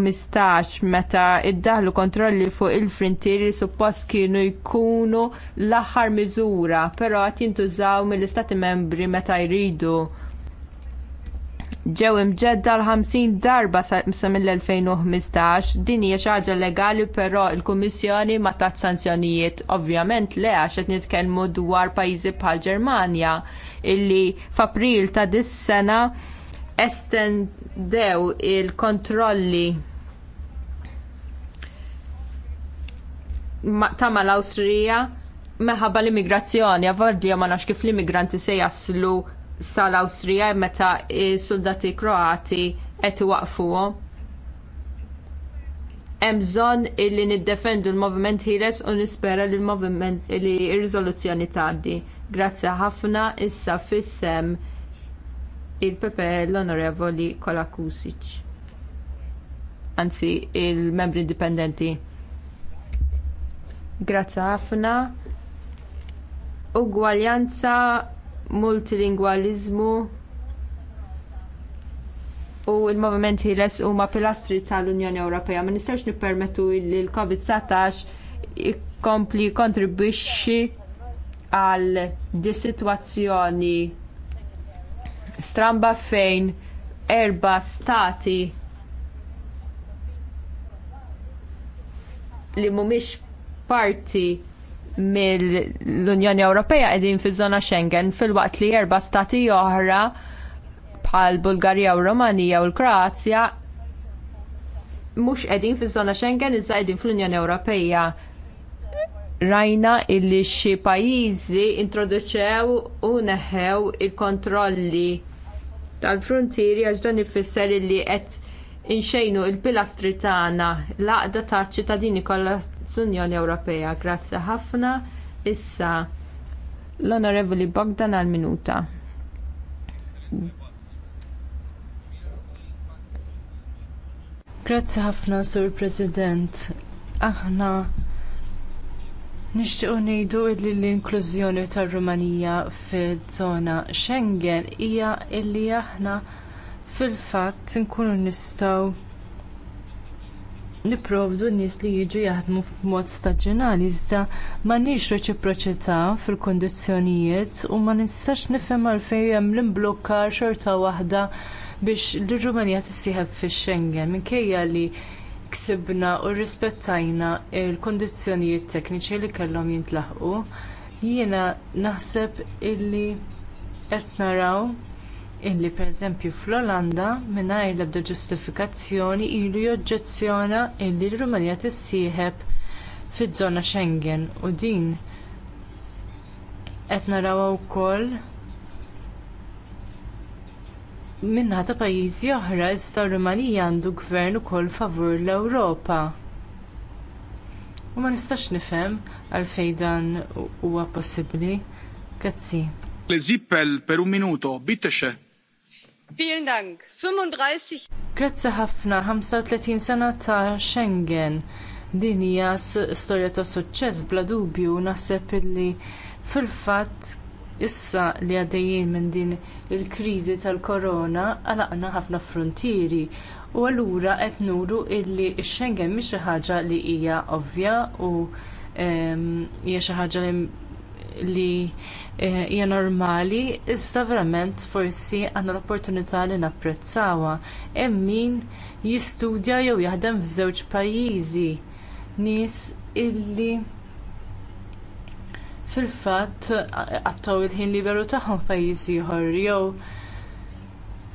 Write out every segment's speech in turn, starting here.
2015 meta iddaħlu kontrolli fuq il-frontieri suppost kienu jkunu l-aħħar miżura, però qed jintużaw mill-Istati Membri meta jridu. Ġew imġedda l-50 darba sa mill-2015 din hija xi ħaġa legali però l-Kummissjoni ma tat sanzjonijiet ovvjament le għax qed nitkellmu dwar pajjiżi bħal Ġermanja illi f'April ta' dis-sena estendew il-kontrolli tama l-Awstrija meħabba l-immigrazzjoni, għavadja ma nafx kif l-immigranti se jaslu sal-Awstrija meta soldati kroati qed iwaqfuhom. Hemm bżonn illi niddefendu l-moviment ħieles u nispera li l-moviment li r-riżoluzzjoni tgħaddi. Grazzi ħafna issa fissem il-Pepe l-Onorevoli Kolakusic. Anzi, il-membri indipendenti. Grazzi ħafna. Ugwaljanza, multilingwaliżmu u l-movimenti les huma pilastri tal-Unjoni Ewropea. Ma nistax nippermettu li l-COVID-19 ikompli kontribwixxi għal di sitwazzjoni stramba fejn erba stati li mhumiex parti mill-Unjoni Ewropea qegħdin fiż-żona Schengen fil-waqt li erba' stati oħra bħal Bulgarija u Romanija u l-Kroazja mhux qegħdin fiż-żona Schengen iżda qegħdin fl-Unjoni Ewropea. Rajna illi xi pajjiżi introduċew u neħew il-kontrolli tal-frontieri għax dan ifisser illi qed inxejnu l pilastri tagħna l-għaqda taċ ċittadini kollha fl-Unjoni Ewropea. Grazzi ħafna. Issa l-Onorevoli Bogdan għal minuta. Grazzi ħafna, Sur President. Aħna Nixtiequ ngħidu li l-inklużjoni tar-Rumanija fiż-żona Schengen hija illi aħna fil-fatt nkunu nistgħu niprovdu n-nies li jiġu jaħdmu f'mod staġjonali iżda m'għandniex reċiproċità fil kundizzjonijiet u ma nistax nifhem għalfejn hemm l-imblukkar xorta waħda biex lir-Rumanija tissieħeb fix-Schengen minkejja li ksibna u rrispettajna l-kundizzjonijiet tekniċi li kellhom jintlaħqu. Jiena naħseb illi qed naraw illi pereżempju fl-Olanda mingħajr l-ebda ġustifikazzjoni ilu joġġezzjona illi l-Rumanija tissieħeb fiż-żona Schengen u din qed narawha wkoll minnaħa ta' pajjiżi oħra iżda Rumanija għandu gvern ukoll favur l-Ewropa. U ma nistax nifhem għalfejn dan huwa possibbli. Grazzi. Le zippel per un minuto, Vielen Dank. 35 Grazzi ħafna 35 sena ta' Schengen. Din hija storja ta' suċċess bla dubju naħseb illi fil-fatt issa li għaddejjin minn din il-kriżi tal-korona għalaqna ħafna frontieri u allura qed nuru illi x-Schengen mhix xi ħaġa li hija ovvja u ehm, hija xi ħaġa li li eh, hija normali, iżda verament forsi għandna l-opportunità li napprezzawha hemm min jistudja jew jaħdem f'żewġ pajjiżi nies illi fil-fatt għattaw il-ħin liberu tagħhom pajjiż ieħor jew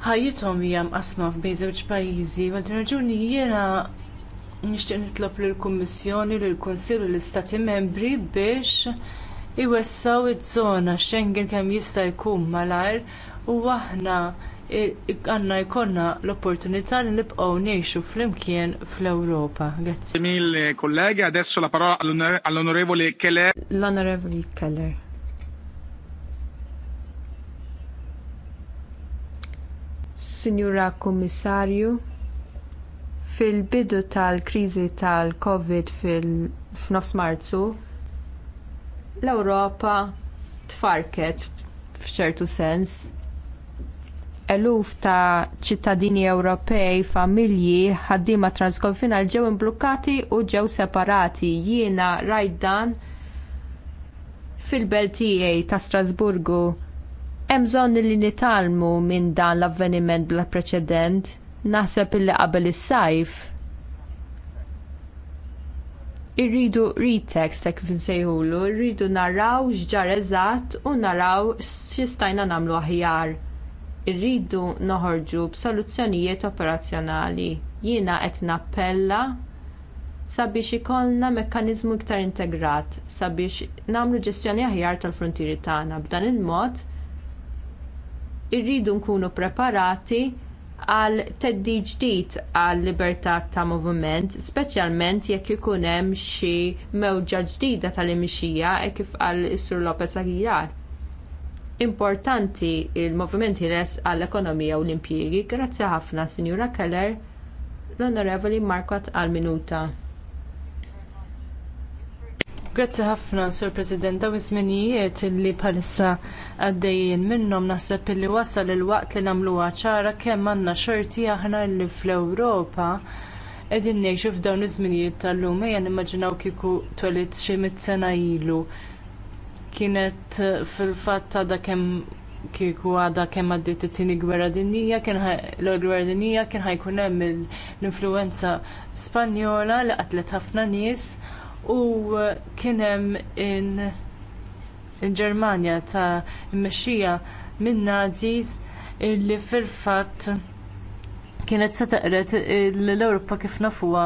ħajjithom hija mqasma f'bejn żewġ pajjiżi, ma din raġuni jiena nixtieq nitlob lill-Kummissjoni, lill-Kunsill u l-Istati Membri biex iwessaw iż-żona Schengen kemm jista' jkun malajr u aħna għandna jkollna l-opportunità li nibqgħu ngħixu flimkien fl-Ewropa. Grazzi. Mille kollegi, adesso la parola all'onorevole Keller. l L'onorevole Keller. Signora Kommissarju, fil-bidu tal kriżi tal-Covid fil-9 Marzu, l-Ewropa tfarket f'ċertu sens eluf ta' ċittadini Ewropej, familji, ħaddiema transkonfinal ġew imblukkati u ġew separati. Jiena rajt dan fil-belt tiegħi ta' Strasburgu. Hemm bżonn li nitalmu minn dan l-avveniment bla preċedent. Naħseb illi qabel is-sajf irridu retext ta kif insejħulu, irridu naraw x'ġar eżatt u naraw x'istajna nagħmlu aħjar. Irridu noħorġu b'soluzzjonijiet operazzjonali. Jiena qed nappella sabiex ikollna mekkaniżmu iktar integrat sabiex nagħmlu ġestjoni aħjar tal-frontieri tagħna. B'dan il-mod irridu nkunu preparati għal teddi ġdid għal libertà ta' moviment, speċjalment jekk ikun hemm xi mewġa ġdida tal-imixija e kif għal Sur Lopez Aguilar. Importanti l moviment res għall ekonomija u l-impjiegi, grazzi ħafna Sinjura Keller, l-Onorevoli Markot għal minuta. Grazzi ħafna, Sur President, daw iż-żminijiet li bħalissa għaddejjin minnhom naħseb li wasal il-waqt li nagħmluha ċara kemm għandna xorti aħna li fl-Ewropa qegħdin ngħixu f'dawn iż-żminijiet tal-lum ejja nimmaġinaw kieku twelit xi mit-sena ilu. Kienet fil-fatt għadha kemm kieku għadha kemm għaddiet it-tieni gwerra dinjija, kien l-gwerra dinjija kien ħajkun hemm l-influenza Spanjola li qatlet ħafna nies u kienem in in germania ta' mmexxija minn nazis illi fil-fatt kienet se taqret l-Ewropa kif nafuha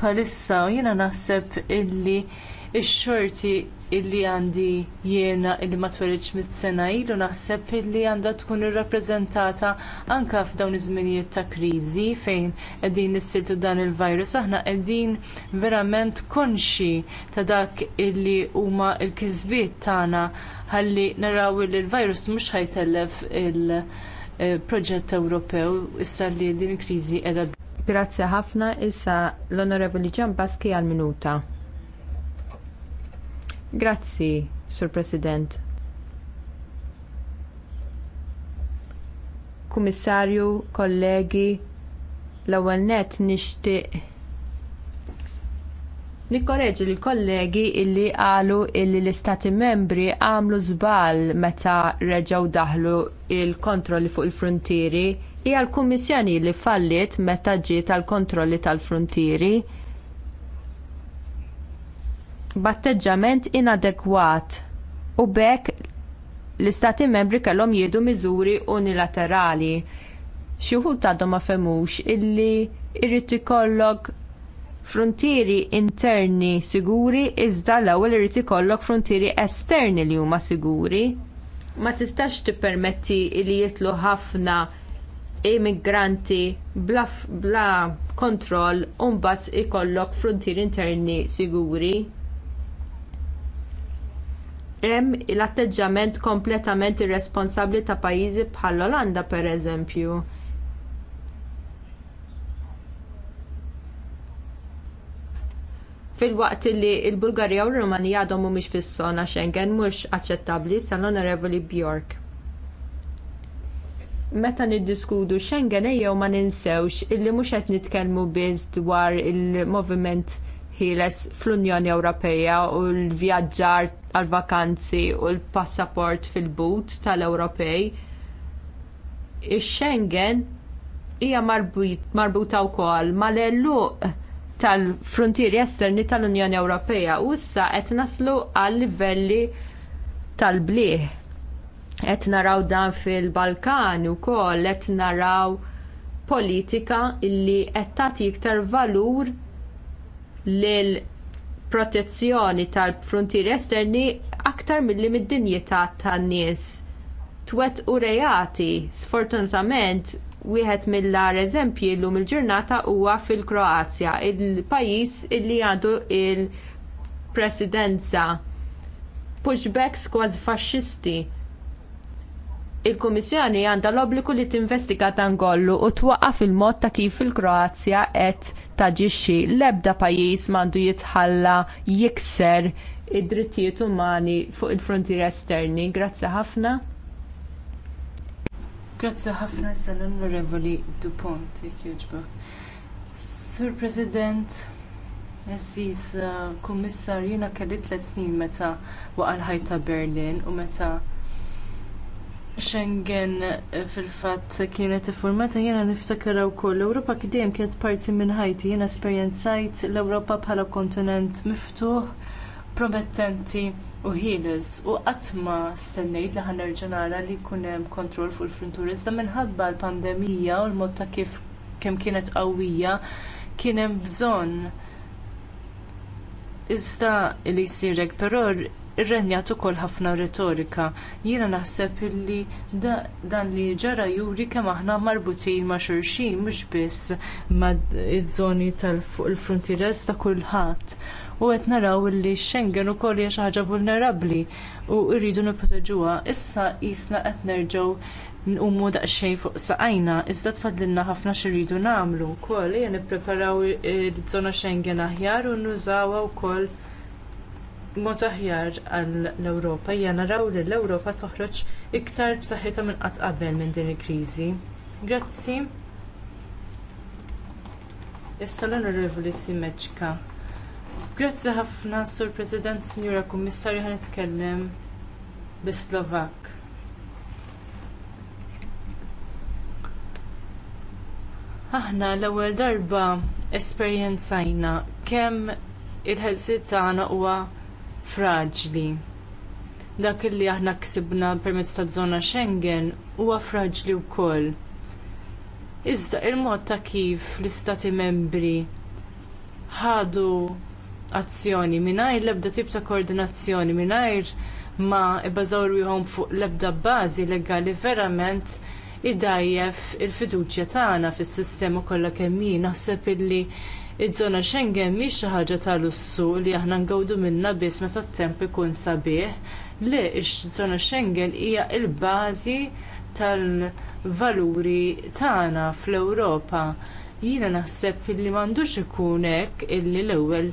bħalissa u jiena naħseb illi x-xorti illi għandi jiena illi ma twelidx mit-sena ilu naħseb illi għandha tkun irrappreżentata anke f'dawn iż-żminijiet ta' kriżi fejn qegħdin nissiltu dan il-virus aħna qegħdin verament konxi ta' dak illi huma l-kisbiet tagħna ħalli naraw li l-virus mhux ħajtellef il-proġett Ewropew issa li din il-kriżi qiegħda. Grazzi ħafna issa l-Onorevoli Ġan Baski għal-minuta. Grazzi, Sur President. Kummissarju, kollegi, l-ewwel nett nixtieq Nikkoreġi l kollegi illi qalu illi l-istati membri għamlu żball meta reġgħu daħlu l kontrolli fuq il-frontieri hija l-Kummissjoni li fallit meta ġiet tal kontrolli tal-frontieri b'atteġġament inadekwat u bekk l-istati membri kellhom jieħdu miżuri unilaterali. Xi wħud għadhom ma femux illi jrid ikollok frontieri interni siguri iżda l-ewwel irid ikollok frontieri esterni li huma siguri. Ma tistax tippermetti li jitlu ħafna immigranti bla, bla kontroll u mbagħad ikollok frontieri interni siguri hemm l-atteġġament kompletament irresponsabbli ta' pajjiżi bħall Olanda pereżempju. Filwaqt li l bulgarija u r-Rumanija għadhom mhumiex fis-sona Schengen mhux aċċettabbli sal-Onorevoli Bjork. Meta niddiskudu Schengen ejjew ma ninsewx illi mhux qed nitkellmu biss dwar il-moviment il moviment ħieles fl-Unjoni Ewropea u l-vjaġġar għal-vakanzi u l-passaport fil-but tal-Ewropej. Ix-Schengen hija marbuta wkoll mal elluq tal-frontieri esterni tal-Unjoni Ewropea u issa qed naslu għal livelli tal-bliħ. Qed naraw dan fil-Balkan ukoll qed naraw politika illi qed tagħti iktar valur lil protezzjoni tal-frontieri esterni aktar milli mid-dinjità tan-nies. Twet u rejati, sfortunatament, wieħed mill-ar eżempji llum il-ġurnata huwa fil-Kroazja, il-pajjiż illi għandu l il presidenza pushbacks kważi faxxisti il-Kummissjoni għandha l-obbligu li tinvestiga dan kollu u twaqqaf il-mod ta' kif il-Kroazja qed taġixxi l-ebda pajjiż m'għandu jitħalla jikser id-drittijiet umani fuq il-frontier esterni. Grazzi ħafna. Grazzi ħafna sal-Onorevoli Dupont, jogħġbok. Sur President, Aziz uh, Kummissar, jiena kelli tliet snin meta waqal ħajta Berlin u meta Schengen eh, fil-fatt kienet iffurmata jiena niftakar wkoll l-Ewropa dejjem kienet parti minn ħajti jiena esperjenzajt l-Ewropa bħala kontinent miftuħ, promettenti u ħieles u qatt ma stennejt li ħanerġa' nara li jkun hemm kontroll fuq il-frontur iżda minħabba l-pandemija u l-mod ta' kif kemm kienet qawwija kien hemm bżonn iżda li jsirek, però irrenjat ukoll ħafna retorika. Jiena naħseb illi dan li ġara juri kemm aħna marbutin ma' xulxin mhux biss ma' iż-żoni tal-fuq il-frontiera ta' kulħadd. U qed naraw illi Schengen ukoll hija xi ħaġa vulnerabbli u rridu nipproteġuha. Issa qisna qed nerġgħu nqumu daqsxejn fuq saqajna, iżda tfadlilna ħafna xirridu nagħmlu wkoll hija nippreparaw id żona Schengen aħjar u nużawha wkoll mod aħjar għall-Ewropa hija naraw li l-Ewropa toħroġ iktar b'saħħitha minn qatt qabel minn din il-kriżi. Grazzi. Issa l-Onorevoli Grazzi ħafna, Sur President, Sinjura Kummissarju, ħan nitkellem bi-Slovak. Aħna l-ewwel darba esperjenzajna kemm il-ħelsiet tagħna huwa fraġli. Dak li aħna ksibna permezz ta' żona Schengen huwa fraġli wkoll. Iżda il-mod ta' kif l-istati membri ħadu azzjoni mingħajr l-ebda tip ta' koordinazzjoni mingħajr ma ibbażaw fuq l-ebda bażi legali verament idajjef il-fiduċja tagħna fis-sistema kollha kemm hi naħseb illi Iż-żona Schengen mhix xi ħaġa ta' lussu li aħna ngawdu minnha biss meta t-temp ikun sabiħ. Le iż żona Schengen hija l-bażi tal-valuri tagħna fl-Ewropa. Jiena naħseb li m'għandux ikun hekk illi l-ewwel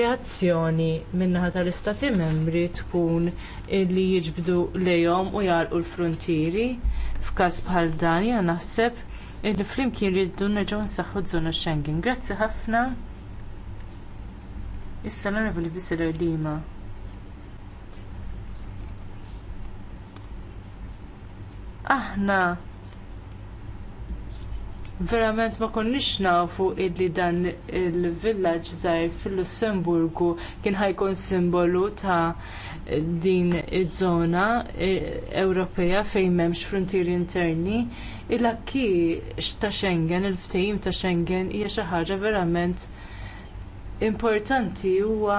reazzjoni min-naħa tal-istati membri tkun illi jiġbdu lejhom u jgħalqu l-frontieri. F'każ bħal dan jiena naħseb illi flimkien rridu nerġgħu nsaħħu żona Schengen. Grazzi ħafna. Issa l fisser Visser Lima. Aħna verament ma konniex nafu illi dan il-villaġġ żgħir fil-Lussemburgu kien ħajkun simbolu ta' din iż-żona e, Ewropea fejn m'hemmx frontieri interni, il-akki ta' Schengen, il-ftehim ta' Schengen hija xi ħaġa verament importanti huwa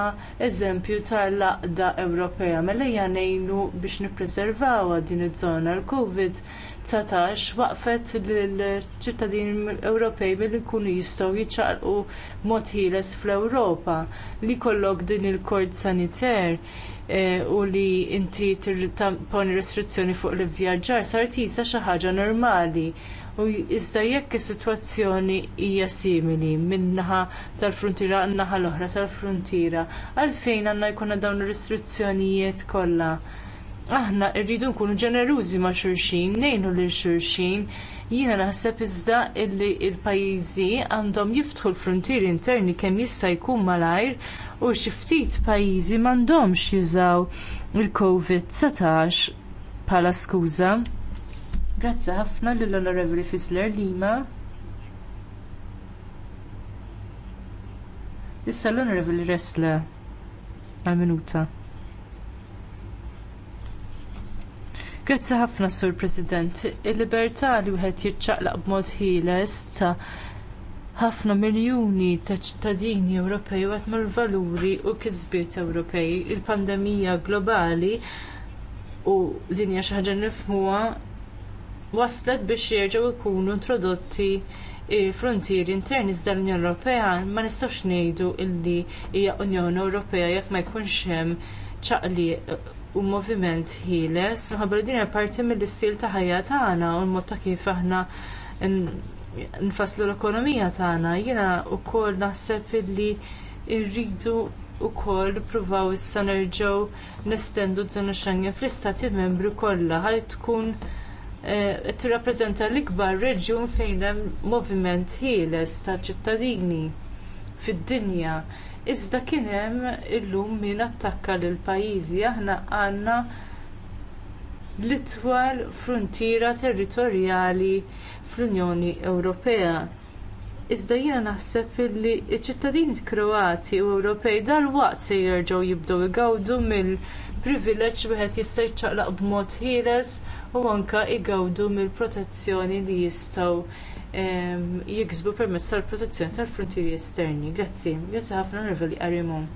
eżempju tal-laqda Ewropea. Mela ngħinu biex nippreservaw din iż-żona l-COVID-19 waqfet lill-ċittadini Ewropej billi jkunu jistgħu jiċċaqlqu mod ħieles fl-Ewropa li jkollok din il-kord saniter Eh, u li inti tamponi restrizzjoni fuq l-vjaġġar sar jisa xi ħaġa normali. U iżda jekk is-sitwazzjoni hija simili min-naħa tal fruntiera għan-naħa l-oħra tal-frontiera, għalfejn għandna jkollna dawn ir-restrizzjonijiet kollha aħna rridu nkunu ġenerużi ma' xulxin, ngħinu lil xulxin, jiena naħseb iżda illi l pajjiżi għandhom jiftħu l-frontieri interni kemm jista' jkun malajr u xi ftit pajjiżi m'għandhomx jużaw il-COVID-19 bħala skuża. Grazzi ħafna lill-Onorevoli Fisler Lima. Issa l-Onorevoli Resla għal-minuta. Grazzi ħafna, Sur President. Il-libertà li wieħed jiċċaqlaq b'mod ħieles ta' ħafna miljuni ta' ċittadini Ewropej għat mal-valuri u kisbiet Ewropej. Il-pandemija globali u dinja xi ħaġa nifhmuha waslet biex jerġgħu jkunu introdotti il-frontieri interni iżda l-Unjoni Ewropea ma nistgħux ngħidu illi hija Unjoni Ewropea jekk ma jkunx hemm ċaqli u moviment ħieles, minħabba li din hija parti mill-istil ta' ħajja tagħna u l-mod ta' kif aħna nfasslu l-ekonomija tagħna. Jiena wkoll naħseb li rridu wkoll nippruvaw issa nerġgħu nestendu d-żona fl-istati membri kollha ħaj tkun eh, tirrappreżenta l-ikbar reġjun fejn hemm moviment ħieles ta' ċittadini fid-dinja. Iżda kien hemm illum min attakka lil pajjiżi aħna għandna l-itwal fruntiera territorjali fl-Unjoni Ewropea. Iżda jiena naħseb li ċ-ċittadini Kroati u Ewropej dalwaqt se jerġgħu jibdew igawdu mill-privileġġ wieħed jista' jċċaqlaq b'mod ħieles u anke igawdu mill-protezzjoni li jistgħu jiksbu permezz tal-protezzjoni tal-frontieri esterni. Grazzi, grazzi ħafna Rivoli Arimon.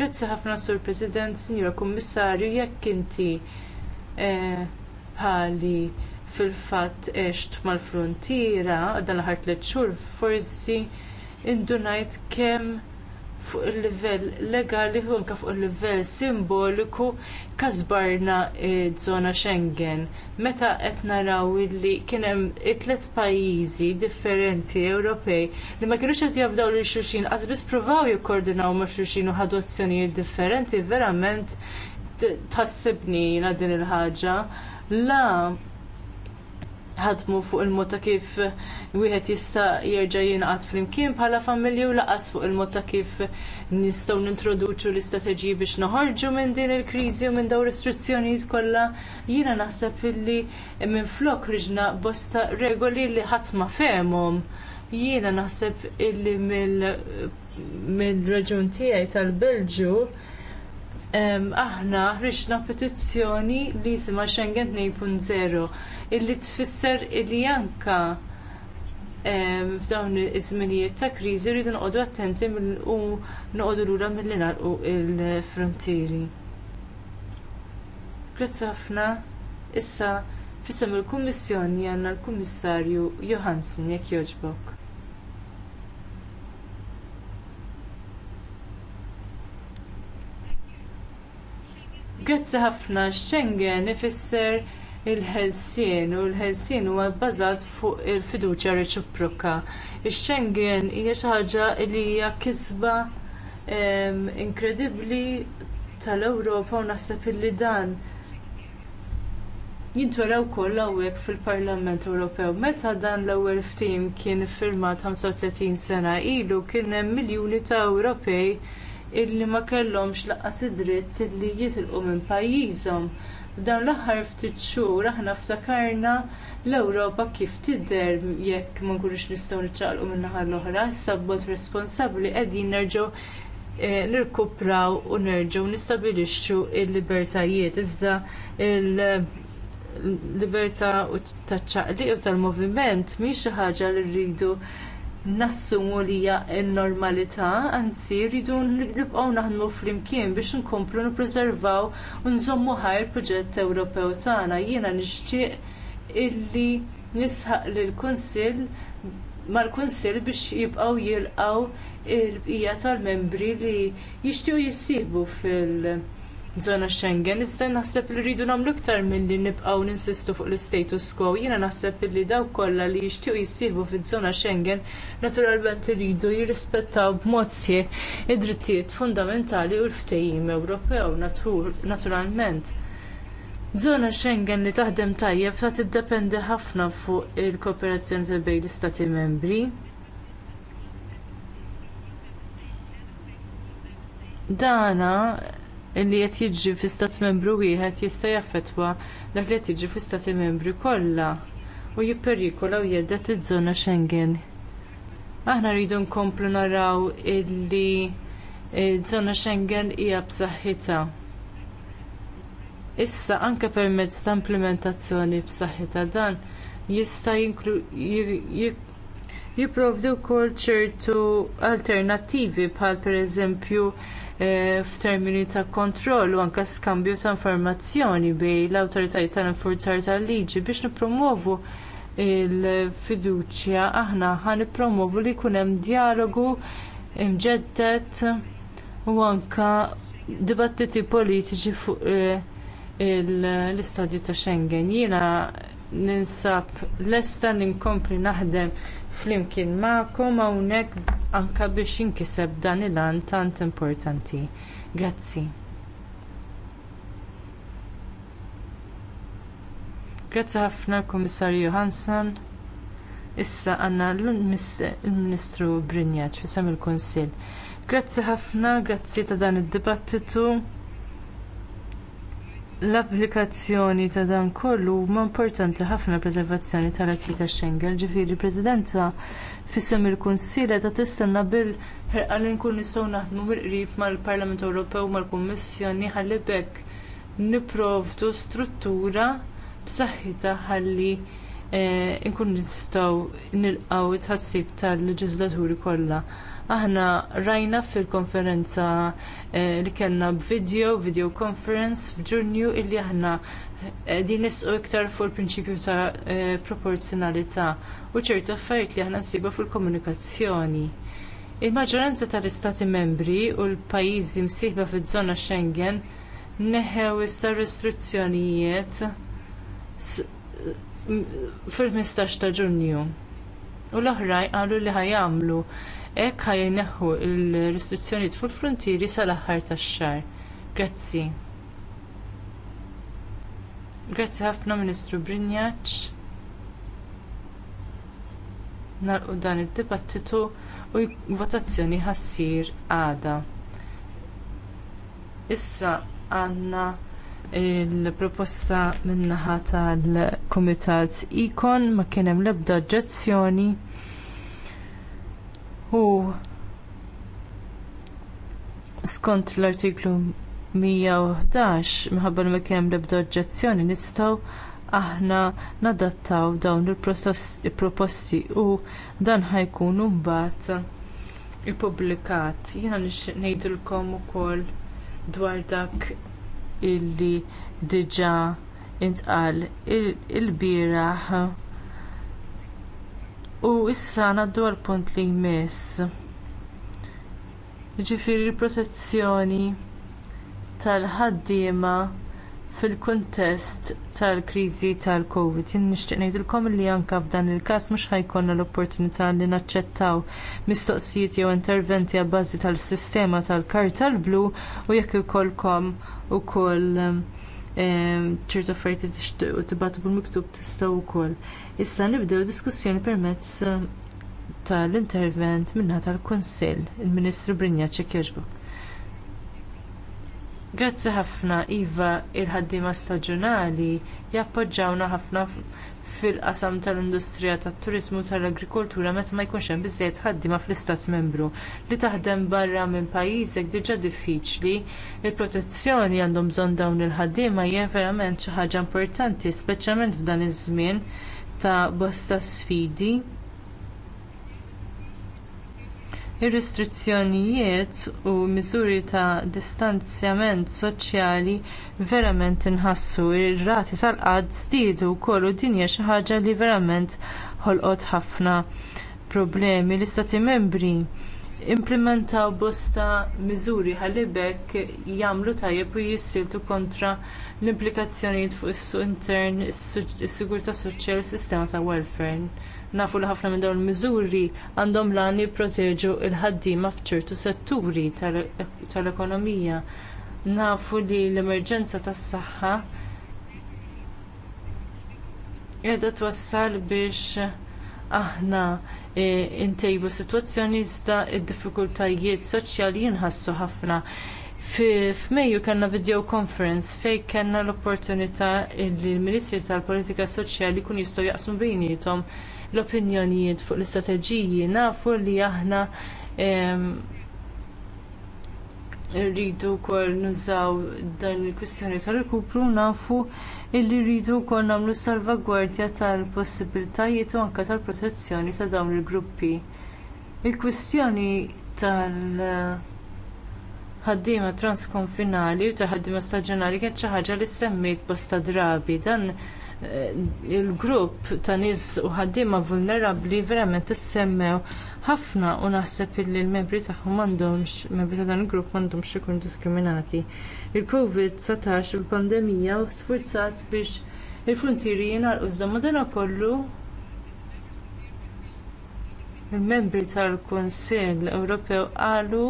Grazzi ħafna Sur President, Sinjura Kummissarju, jekk inti eh, bħali fil-fatt eċt mal-frontiera dan l-ħar tliet xhur forsi indunajt kemm fuq il-livell legali u anke fuq il-livell simboliku kasbarna ż-żona e, Schengen. Meta qed naraw li kien hemm it-tliet pajjiżi differenti Ewropej li ma kinux qed jafdaw lil xulxin qas biss provaw jikkoordinaw ma' xulxin u ħadu azzjonijiet differenti verament tħassibni la din il-ħaġa. La ħadmu fuq il-mod kif wieħed jista' jerġa' jingħad flimkien bħala familji u laqas fuq il-mod kif nistgħu nintroduċu l-istrateġiji biex noħorġu minn din il-kriżi u minn dawn restrizzjonijiet kollha. Jiena naħseb illi minflok riġna bosta regoli li ħadd ma fehmhom. Jiena naħseb illi mill-raġun tiegħi tal-Belġu aħna ħriġna petizzjoni li jisimha Schengen 2.0 illi tfisser illi anke f'dawn iż-żminijiet ta' kriżi rridu noqogħdu attenti u noqogħdu lura milli nagħlqu l frontieri Grazzi ħafna. Issa fisem il-Kummissjoni għandna l-Kummissarju Johansen jekk jogħġbok. Grazzi ħafna Schengen ifisser il-ħelsien u l-ħelsien huwa bbażat fuq il-fiduċja reċiproka. Ix-Schengen hija xi ħaġa li hija kisba inkredibbli tal-Ewropa u naħseb illi dan jintwera wkoll hawnhekk fil-Parlament Ewropew. Meta dan l-ewwel ftim kien iffirmat 35 sena ilu kien hemm miljuni ta' Ewropej illi ma kellhomx laqqas id-dritt illi jitilqu minn pajjiżhom. F'dan l-aħħar ftit xhur aħna ftakarna l-Ewropa kif tidher jekk ma nkunux nistgħu niċċaqlqu minn naħa l-oħra, sabbot responsabbli qegħdin nerġgħu eh, nirkupraw u nerġgħu nistabilixxu l-libertajiet iżda l libertà taċ-ċaqliq u tal-moviment mhix xi ħaġa li rridu nassumu li hija n-normalità, anzi rridu nibqgħu naħdmu flimkien biex nkomplu nippreservaw u nżommu ħajr proġett Ewropew tagħna. Jiena nixtieq illi nisħaq lill kunsill mal-kunsill biex jibqgħu jilqgħu l bqija tal-membri li jixtiequ jissieħbu fil- żona Schengen, iżda naħseb li rridu nagħmlu iktar milli nibqgħu ninsistu fuq l-status quo. Jiena naħseb li dawk kollha li jixtiequ jissieħbu fiż-żona Schengen naturalment iridu jirrispettaw b'mod sieħ id-drittijiet fundamentali u l-ftehim Ewropew naturalment. Żona Schengen li taħdem tajjeb ta' tiddependi ħafna fuq il-kooperazzjoni ta' bejn l-istati membri. Dana Illi qed jiġi fi membru wieħed jista' jaffettwa dak li qed jiġi f'istati stati membri kollha u jipperikola u jeddet iż-żona Schengen. Aħna rridu nkomplu naraw illi ż-żona Schengen hija b'saħħitha. Issa anke permezz ta' implementazzjoni b'saħħitha dan jista' jipprovdu wkoll ċertu alternattivi bħal pereżempju e, f'termini ta' kontroll u anke skambju ta' informazzjoni bejn l-awtoritajiet tal-infurzar tal-liġi biex nippromovu l fiduċja aħna ħan nippromovu li jkun hemm dijalogu imġeddet u anke dibattiti politiċi fuq eh, l-istadju ta' Schengen. Jiena ninsab lesta ninkompli naħdem flimkien magħkom hawnhekk anke biex jinkiseb dan il-għan tant importanti. Grazzi. Grazzi ħafna l-Kummissarju Johansson. Issa għandna l-Ministru Brinjaċ fisem il kunsill Grazzi ħafna, grazzi ta' dan id-dibattitu. L-applikazzjoni ta' dan kollu huma importanti ħafna preservazzjoni tal-akki ta' Schengen, ġifieri Presidenta fissem il-Kunsilja ta' tistenna bil-ħerqa li nkun nistgħu naħdmu mill-qrib mal-Parlament Ewropew mal-Kummissjoni ħalli bekk nipprovdu struttura b'saħħitha ħalli eh, nkun nistgħu nilqgħu it-ħassib tal-leġislaturi kollha. Aħna rajna fil-konferenza eh, li kellna b'video, video conference f'Ġunju illi aħna eh, din nisqu iktar fuq il-prinċipju ta' eh, proporzjonalità u ċertu affarijiet li aħna nsibu fil-komunikazzjoni. Il-maġġoranza tal-istati membri u l-pajjiżi msieħba fiż-żona Schengen neħew issa restrizzjonijiet fil-15 ta' Ġunju. U l-oħrajn qalu li ħajamlu Hekk ħajneħħu l-restrizzjonijiet fuq il-frontieri sal-aħħar tax-xahar. Grazzi. Grazzi ħafna Ministru Brinjaċ. Nalqu dan id-dibattitu u votazzjoni ħassir għada. Issa għandna il-proposta min-naħa tal-Kumitat Ikon ma kien hemm l-ebda oġġezzjoni u skont l-artiklu 111 minħabba li ma kemm l-ebda oġġezzjoni nistgħu aħna nadattaw dawn il-proposti u dan ħajkun mbagħad ippubblikat. Jiena nixtieq ngħidilkom ukoll dwar dak illi diġà intqal il-bieraħ il U issa ngħaddu għall punt li jmiss. Ġifiri protezzjoni tal-ħaddiema fil-kuntest tal-kriżi tal-COVID. Jien nixtieq ngħidilkom li anke f'dan il-każ mhux ħajkonna l-opportunità li naċċettaw mistoqsijiet jew interventi bażi tal-sistema tal kart tal blu u jekk ikollkom ukoll ċertu affarijiet li tixtiequ tibatu bil-miktub tistgħu wkoll. Issa nibdew diskussjoni permezz eh, tal-intervent minna tal-Kunsill, il-Ministru Brinja Ċekjoġbok. Grazzi ħafna Iva il ħaddiema staġjonali jappoġġawna ħafna fil-qasam tal-industrija tat-turiżmu tal-agrikoltura meta ma jkunx hemm biżżejjed ħaddiema fl-istat membru li taħdem barra minn pajjiżek diġà diffiċli. Il-protezzjoni għandhom bżonn dawn il-ħaddiema hija verament xi ħaġa importanti, speċjalment f'dan iż-żmien ta' bosta sfidi ir-restrizzjonijiet u miżuri ta' distanzjament soċjali verament inħassu ir-rati tal-qatt żdiedu wkoll u din hija xi ħaġa li verament ħolqot ħafna problemi l-istati membri implementaw bosta miżuri ħalibek jagħmlu tajjeb u jissiltu kontra l-implikazzjonijiet fuq is-suq intern, is-sigurtà soċjali u s-sistema ta' welfare. Nafu li ħafna minn dawn il-miżuri għandhom lan jipproteġu il-ħaddiema f'ċertu setturi tal-ekonomija. Nafu li l-emerġenza tas-saħħa qiegħda twassal biex aħna e, intejbu sitwazzjoni iżda id-diffikultajiet soċjali jinħassu ħafna. F'Mejju kellna video conference fejn kellna l-opportunità li l-Ministri tal-Politika Soċjali jkun jistgħu jaqsmu bejniethom l-opinjonijiet fuq l-istrateġiji nafu li aħna rridu wkoll nużaw dan il-kwistjoni tal-rikupru nafu illi rridu wkoll nagħmlu salvagwardja tal-possibiltajiet u anke tal-protezzjoni ta' dawn il-gruppi. Il-kwistjoni tal- ħaddiema transkonfinali u ta' ħaddiema staġjonali kien xi ħaġa li semmejt bosta drabi dan Eh, il-grupp ta' nies u ħaddiema vulnerabbli verament issemmew ħafna u naħseb li l-membri tagħhom m'għandhomx membri ta' dan il-grupp m'għandhomx ikun diskriminati. Il-COVID-19 il-pandemija sfurzat biex il-frontieri jingħalqu iżda kollu il-membri tal-Kunsill Ewropew qalu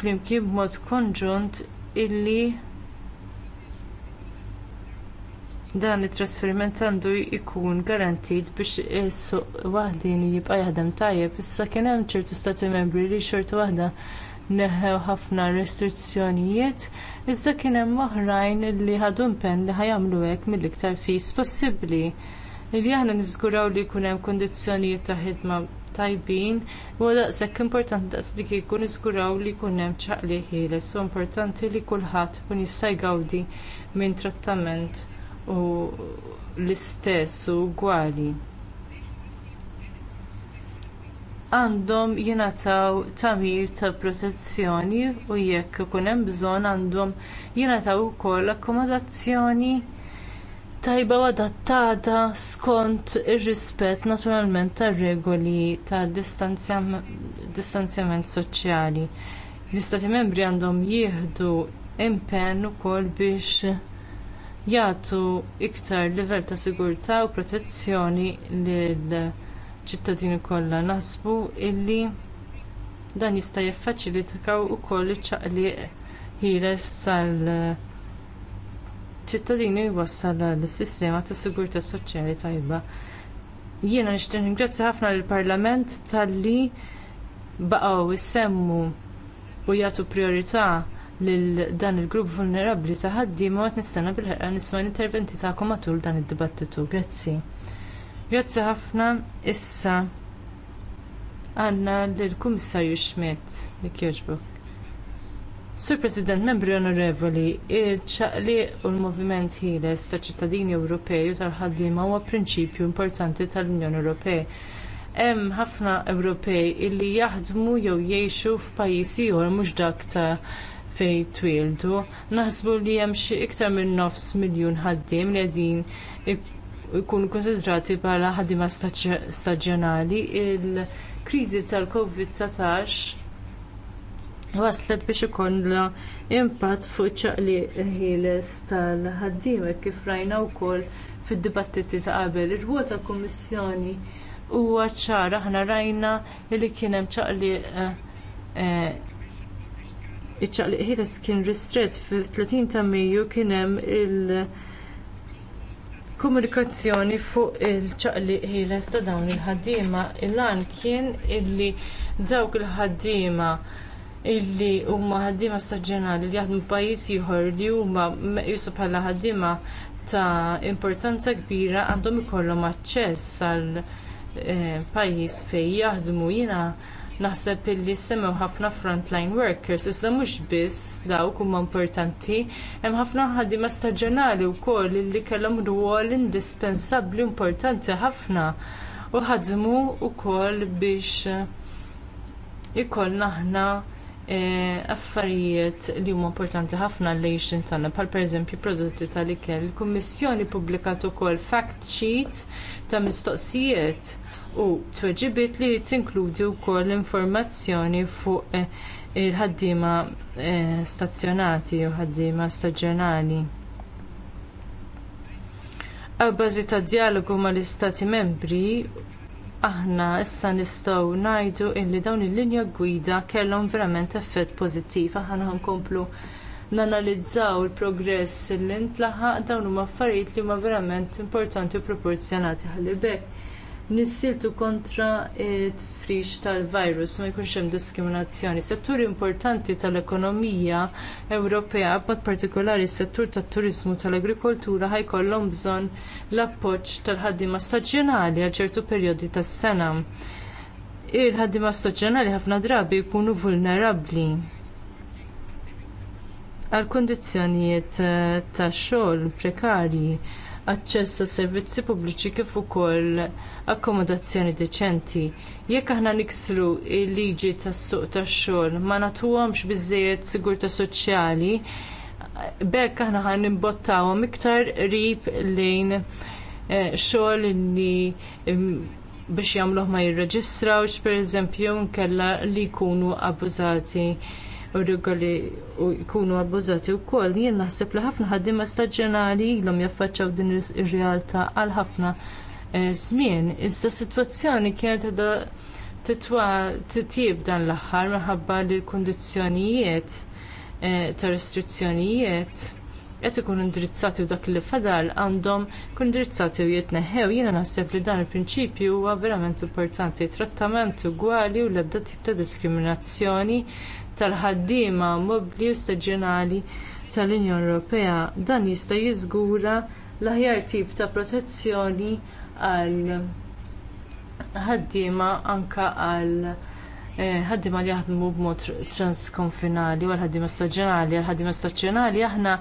flimkien b'mod konġunt illi dan it-trasferiment għandu jkun garantit biex is-suq waħdini jibqa' jaħdem tajjeb. Issa kien hemm ċertu stati membri li xorta waħda neħew ħafna restrizzjonijiet, iżda kien hemm oħrajn li ħadu impenn li ħajamlu hekk mill-iktar fis possibbli. Li aħna niżguraw li jkun hemm kundizzjonijiet ta' ħidma tajbin, u daqshekk importanti daqs li niżguraw li jkun hemm ċaqli ħieles, u importanti li kulħadd kun jista' jgawdi minn trattament u l-istess u gwali. Għandhom jingħataw tagħmir ta' protezzjoni u jekk ikun hemm bżonn għandhom jingħataw ukoll akkomodazzjoni tajba u adattata skont ir-rispett naturalment tar-regoli ta' distanzjament soċjali. L-istati membri għandhom jieħdu impenn ukoll biex jagħtu iktar livell ta' sigurtà u protezzjoni lill ċittadini kollha naħsbu illi dan jista' jiffaċilitaw ukoll iċ-ċaqliq ħieles tal ċittadini jwassal l-sistema ta' sigurtà soċjali tajba. Jiena nixtieq ningrazzja ħafna lill parlament talli baqgħu jsemmu u jagħtu priorità lil dan il-grupp vulnerabbli ta' ma' qed nistenna bil-ħerqa nisma' l-interventi tagħkom matul dan id-dibattitu. Grazzi. Grazzi ħafna issa għandna lill-Kummissarju Schmidt li kjoġbok. Sur President, membri onorevoli, il-ċaqli u l-moviment ħieles ta' ċittadini Ewropej u tal-ħaddiema huwa prinċipju importanti tal-Unjoni Ewropej. Hemm ħafna Ewropej illi jaħdmu jew jgħixu f'pajjiż ieħor mhux dak ta' fej twildu. Naħsbu li hemm xi iktar minn nofs miljun ħaddiem li qegħdin ikunu konsidrati bħala ħaddiema staġjonali. Il-kriżi tal-COVID-19 waslet biex ikollha impatt fuq ċaqli ħieles tal-ħaddiema kif rajna wkoll fid-dibattiti ta' qabel. Ir-rwol tal-Kummissjoni huwa ċara aħna rajna li kien hemm ċaqli eh, eh, iċċaqliq ħieles kien ristret fi 30 ta' Mejju kien hemm il-komunikazzjoni fuq il-ċaqliq ħieles ta' dawn il-ħaddiema. Il-lan kien illi dawk il-ħaddiema illi huma ħaddiema staġjonali li jaħdmu pajjiż ieħor li huma meqjusa bħala ħaddiema ta' importanza kbira għandhom ikollhom aċċess għal eh, pajjiż fejn jaħdmu jiena Naħseb illi semmew ħafna frontline workers, iżda mhux biss dawk huma importanti, hemm ħafna ħaddiema staġjonali wkoll illi kellhom rwol indispensabbli importanti ħafna u ħadmu wkoll biex ikollna aħna e, affarijiet li huma importanti ħafna li jixin tagħna bħal pereżempju prodotti tal-ikel. Il-Kummissjoni pubblikat ukoll fact sheet ta' mistoqsijiet u tweġibiet li tinkludi wkoll informazzjoni fuq eh, il-ħaddiema eh, stazzjonati u ħaddiema staġjonali. Għabbażi ta' ma' mal istati membri aħna issa nistgħu ngħidu li dawn il-linja gwida kellhom verament effett pożittiv aħna nkomplu nanalizzaw il-progress l ntlaħaq dawn huma affarijiet li huma verament importanti u proporzjonati ħalli bekk nissiltu kontra t-frix tal-virus ma jkunx hemm diskriminazzjoni. Setturi importanti tal-ekonomija Ewropea, b'mod partikolari settur tat-turiżmu tal-agrikoltura ħajkollhom bżonn l-appoġġ tal-ħaddiema staġjonali għal ċertu perjodi tas-sena. Il-ħaddiema staġjonali ħafna drabi jkunu vulnerabbli għal kundizzjonijiet eh, tax xogħol prekarji aċċess għas servizzi pubbliċi kif ukoll akkomodazzjoni deċenti. Jekk aħna niksru l liġi tas-suq tax-xogħol ma nagħtuhomx biżżejjed sigurtà soċjali, bekk aħna ħan nimbottawhom iktar qrib lejn eh, xogħol li mm, biex jagħmluh ma jirreġistrawx pereżempju nkella li jkunu abbużati u rigoli u jkunu abbużati wkoll, jien naħseb li ħafna ħaddiema staġjonali ilhom jaffaċċaw din ir-realtà għal ħafna eh, żmien. Iżda situazzjoni sitwazzjoni kienet da titwa titjib dan l-aħħar minħabba li l-kundizzjonijiet eh, ta' restrizzjonijiet qed ikunu indirizzati u dak li fadal għandhom kun indirizzati u jitneħħew jiena naħseb li dan il-prinċipju huwa verament importanti. Trattament ugwali u l-ebda tip ta' diskriminazzjoni tal-ħaddiema mobbli u staġjonali tal-Unjoni Ewropea. Dan jista' jiżgura l-aħjar tip ta' protezzjoni għal ħaddiema anke għal eh, ħaddima li jaħdmu b'mod transkonfinali u għal-ħaddima staġjonali, għal-ħaddima staġjonali aħna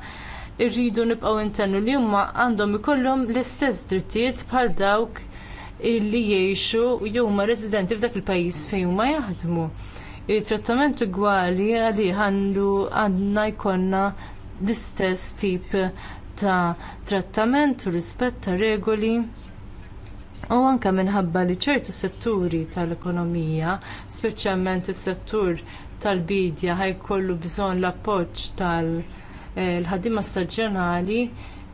rridu nibqgħu intennu li huma għandhom ikollhom l-istess drittijiet bħal dawk li jgħixu jew huma residenti f'dak il-pajjiż fejn huma jaħdmu trattament igwali għalli għandu għandna jkollna l-istess tip ta' trattament u rispett ta' regoli. U anke minħabba li ċertu setturi tal-ekonomija, speċjalment is-settur tal-bidja kollu bżonn l-appoġġ tal-ħadima eh, staġjonali,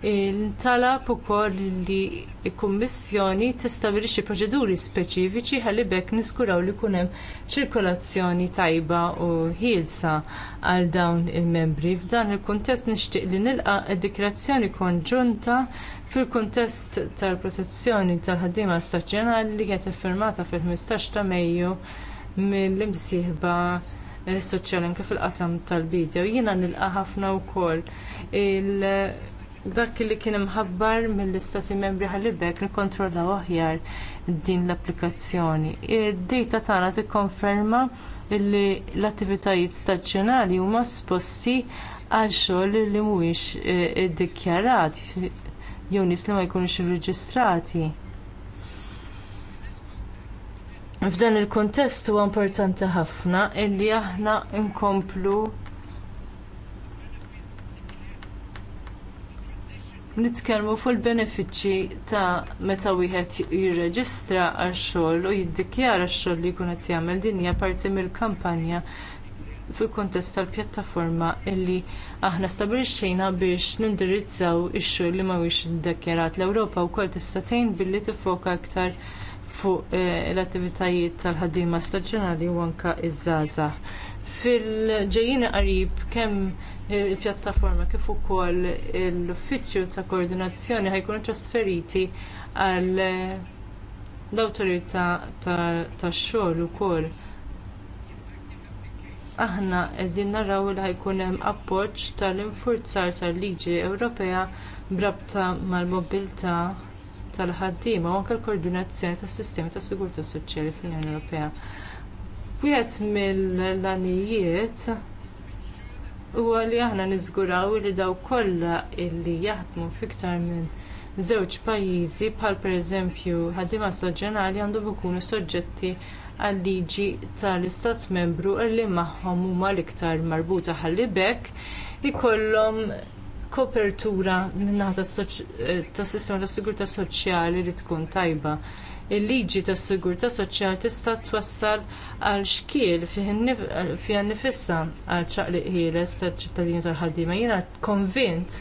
Intalab ukoll li l-Kummissjoni tistabilixxi proċeduri speċifiċi ħalibek niskuraw li jkun hemm ċirkolazzjoni tajba u ħielsa għal dawn il-membri. F'dan il-kuntest nixtieq li nilqa' d dikrazzjoni konġunta fil-kuntest tal-protezzjoni tal-ħaddiema staġjonali li kienet iffirmata fil-15 ta' Mejju mill-imsieħba eh, soċjali anke fil-qasam tal-bidja. Jiena nilqa' ħafna wkoll il- dak li kien imħabbar mill-istati membri ħallibek nikkontrollaw aħjar din l-applikazzjoni. Id-data tagħna tikkonferma li l-attivitajiet stazzjonali huma sposti għal xogħol li mhuwiex eh, iddikjarat jew nies li ma jkunux irreġistrati. F'dan il kuntest huwa importanti ħafna illi aħna nkomplu nitkellmu fuq il-benefiċċji ta' meta wieħed jirreġistra għax-xogħol u jiddikjara x-xogħol li jkun qed jagħmel din hija parti mill-kampanja fil-kuntest tal-pjattaforma illi aħna stabilixxejna biex nindirizzaw ix-xogħol li mhuwiex iddekjarat l-Ewropa wkoll tista' tgħin billi tifoka aktar fuq eh, l-attivitajiet tal-ħaddiema staġjonali u anke iż-żgħażagħ fil-ġejjin qarib kemm eh, il-pjattaforma kif ukoll l-uffiċċju ta' koordinazzjoni ħajkunu trasferiti għal eh, l-awtorità tax-xogħol ukoll. Aħna qegħdin naraw li ħajkun hemm appoġġ tal-infurzar tal-liġi Ewropea brabta mal-mobilità tal-ħaddiema u anke l-koordinazzjoni tas-sistemi tas-sigurtà soċjali fl-Unjoni Ewropea Wieħed mill-lanijiet huwa li aħna niżguraw li daw kollha illi jaħdmu fiktar minn żewġ pajjiżi bħal pereżempju ħaddiema soġġenali għandhom ikunu soġġetti għal liġi tal-istat membru li magħhom huma l-iktar marbuta ħalli bekk ikollhom kopertura minnaħta tas-sistema eh, tas-sigurtà soċjali li tkun tajba il-liġi tas sigurtà soċjali tista' twassal għal xkiel fiha nifissa għal ċaqliq ħieles tal-ċittadini tal-ħaddiema. Jiena konvint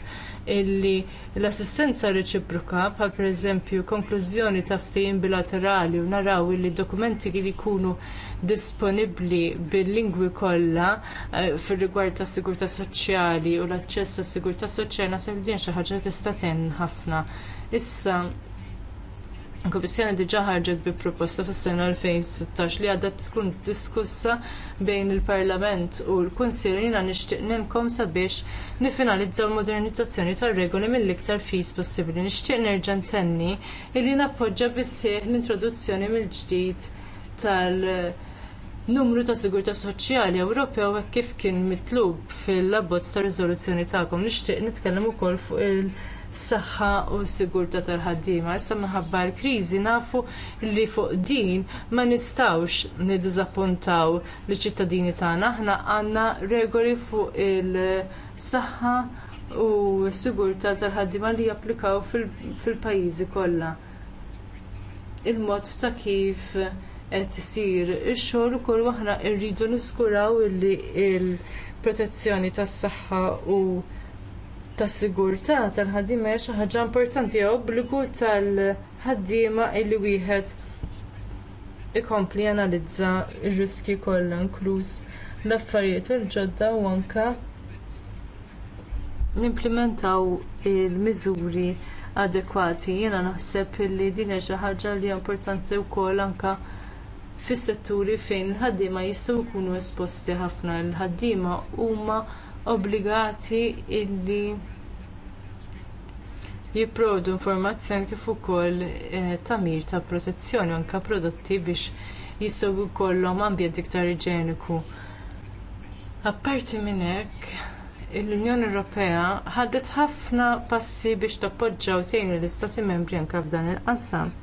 illi l-assistenza reċiproka bħal pereżempju konklużjoni ta' ftehim bilaterali u naraw illi dokumenti li jkunu disponibbli bil-lingwi kollha eh, fir rigward tas sigurtà soċjali u l-aċċess tas sigurtà soċjali naħseb din xi ħaġa tista' tgħin ħafna. Issa Il-Kommissjoni diġà ħarġet bi proposta fis-sena 2016 li għadha tkun diskussa bejn il-Parlament u l-Kunsill jiena nixtieq ninkom sabiex nifinalizzaw modernizzazzjoni tar-regoli mill-iktar fis possibbli. Nixtieq nerġa' ntenni li nappoġġa bissieħ l-introduzzjoni mill-ġdid tal- numru ta' sigurtà soċjali Ewropew hekk kif kien mitlub fil-abbozz ta' riżoluzzjoni tagħkom. Nixtieq nitkellem ukoll fuq il- saħħa u sigurtà tal-ħaddiema. Issa minħabba l-kriżi nafu li fuq din ma nistawx niddiżappuntaw li ċittadini tagħna aħna għandna regoli fuq il-saħħa u s-sigurtà tal-ħaddiema li japplikaw fil-pajjiżi kollha. Il-mod ta' kif qed isir ix-xogħol ukoll aħna rridu niskuraw illi l-protezzjoni tas-saħħa u tas-sigurtà tal-ħaddiema hija xi ħaġa importanti obbligu tal-ħaddiema li wieħed ikompli analizza r-riski kollha inkluż l-affarijiet il-ġodda u anke nimplementaw il-miżuri adekwati. Jiena naħseb li din hija xi ħaġa li hija importanti wkoll anke fis-setturi fejn il-ħaddiema jistgħu jkunu esposti ħafna il-ħaddiema huma obbligati illi jipprovdu informazzjoni kif ukoll eh, tagħmir ta' protezzjoni anke prodotti biex jistgħu jkollhom ambjent iktar iġeniku. Apparti minn hekk, l-Unjoni Ewropea ħadet ħafna passi biex tappoġġaw tgħin l-Istati Membri anke f'dan il-qasam.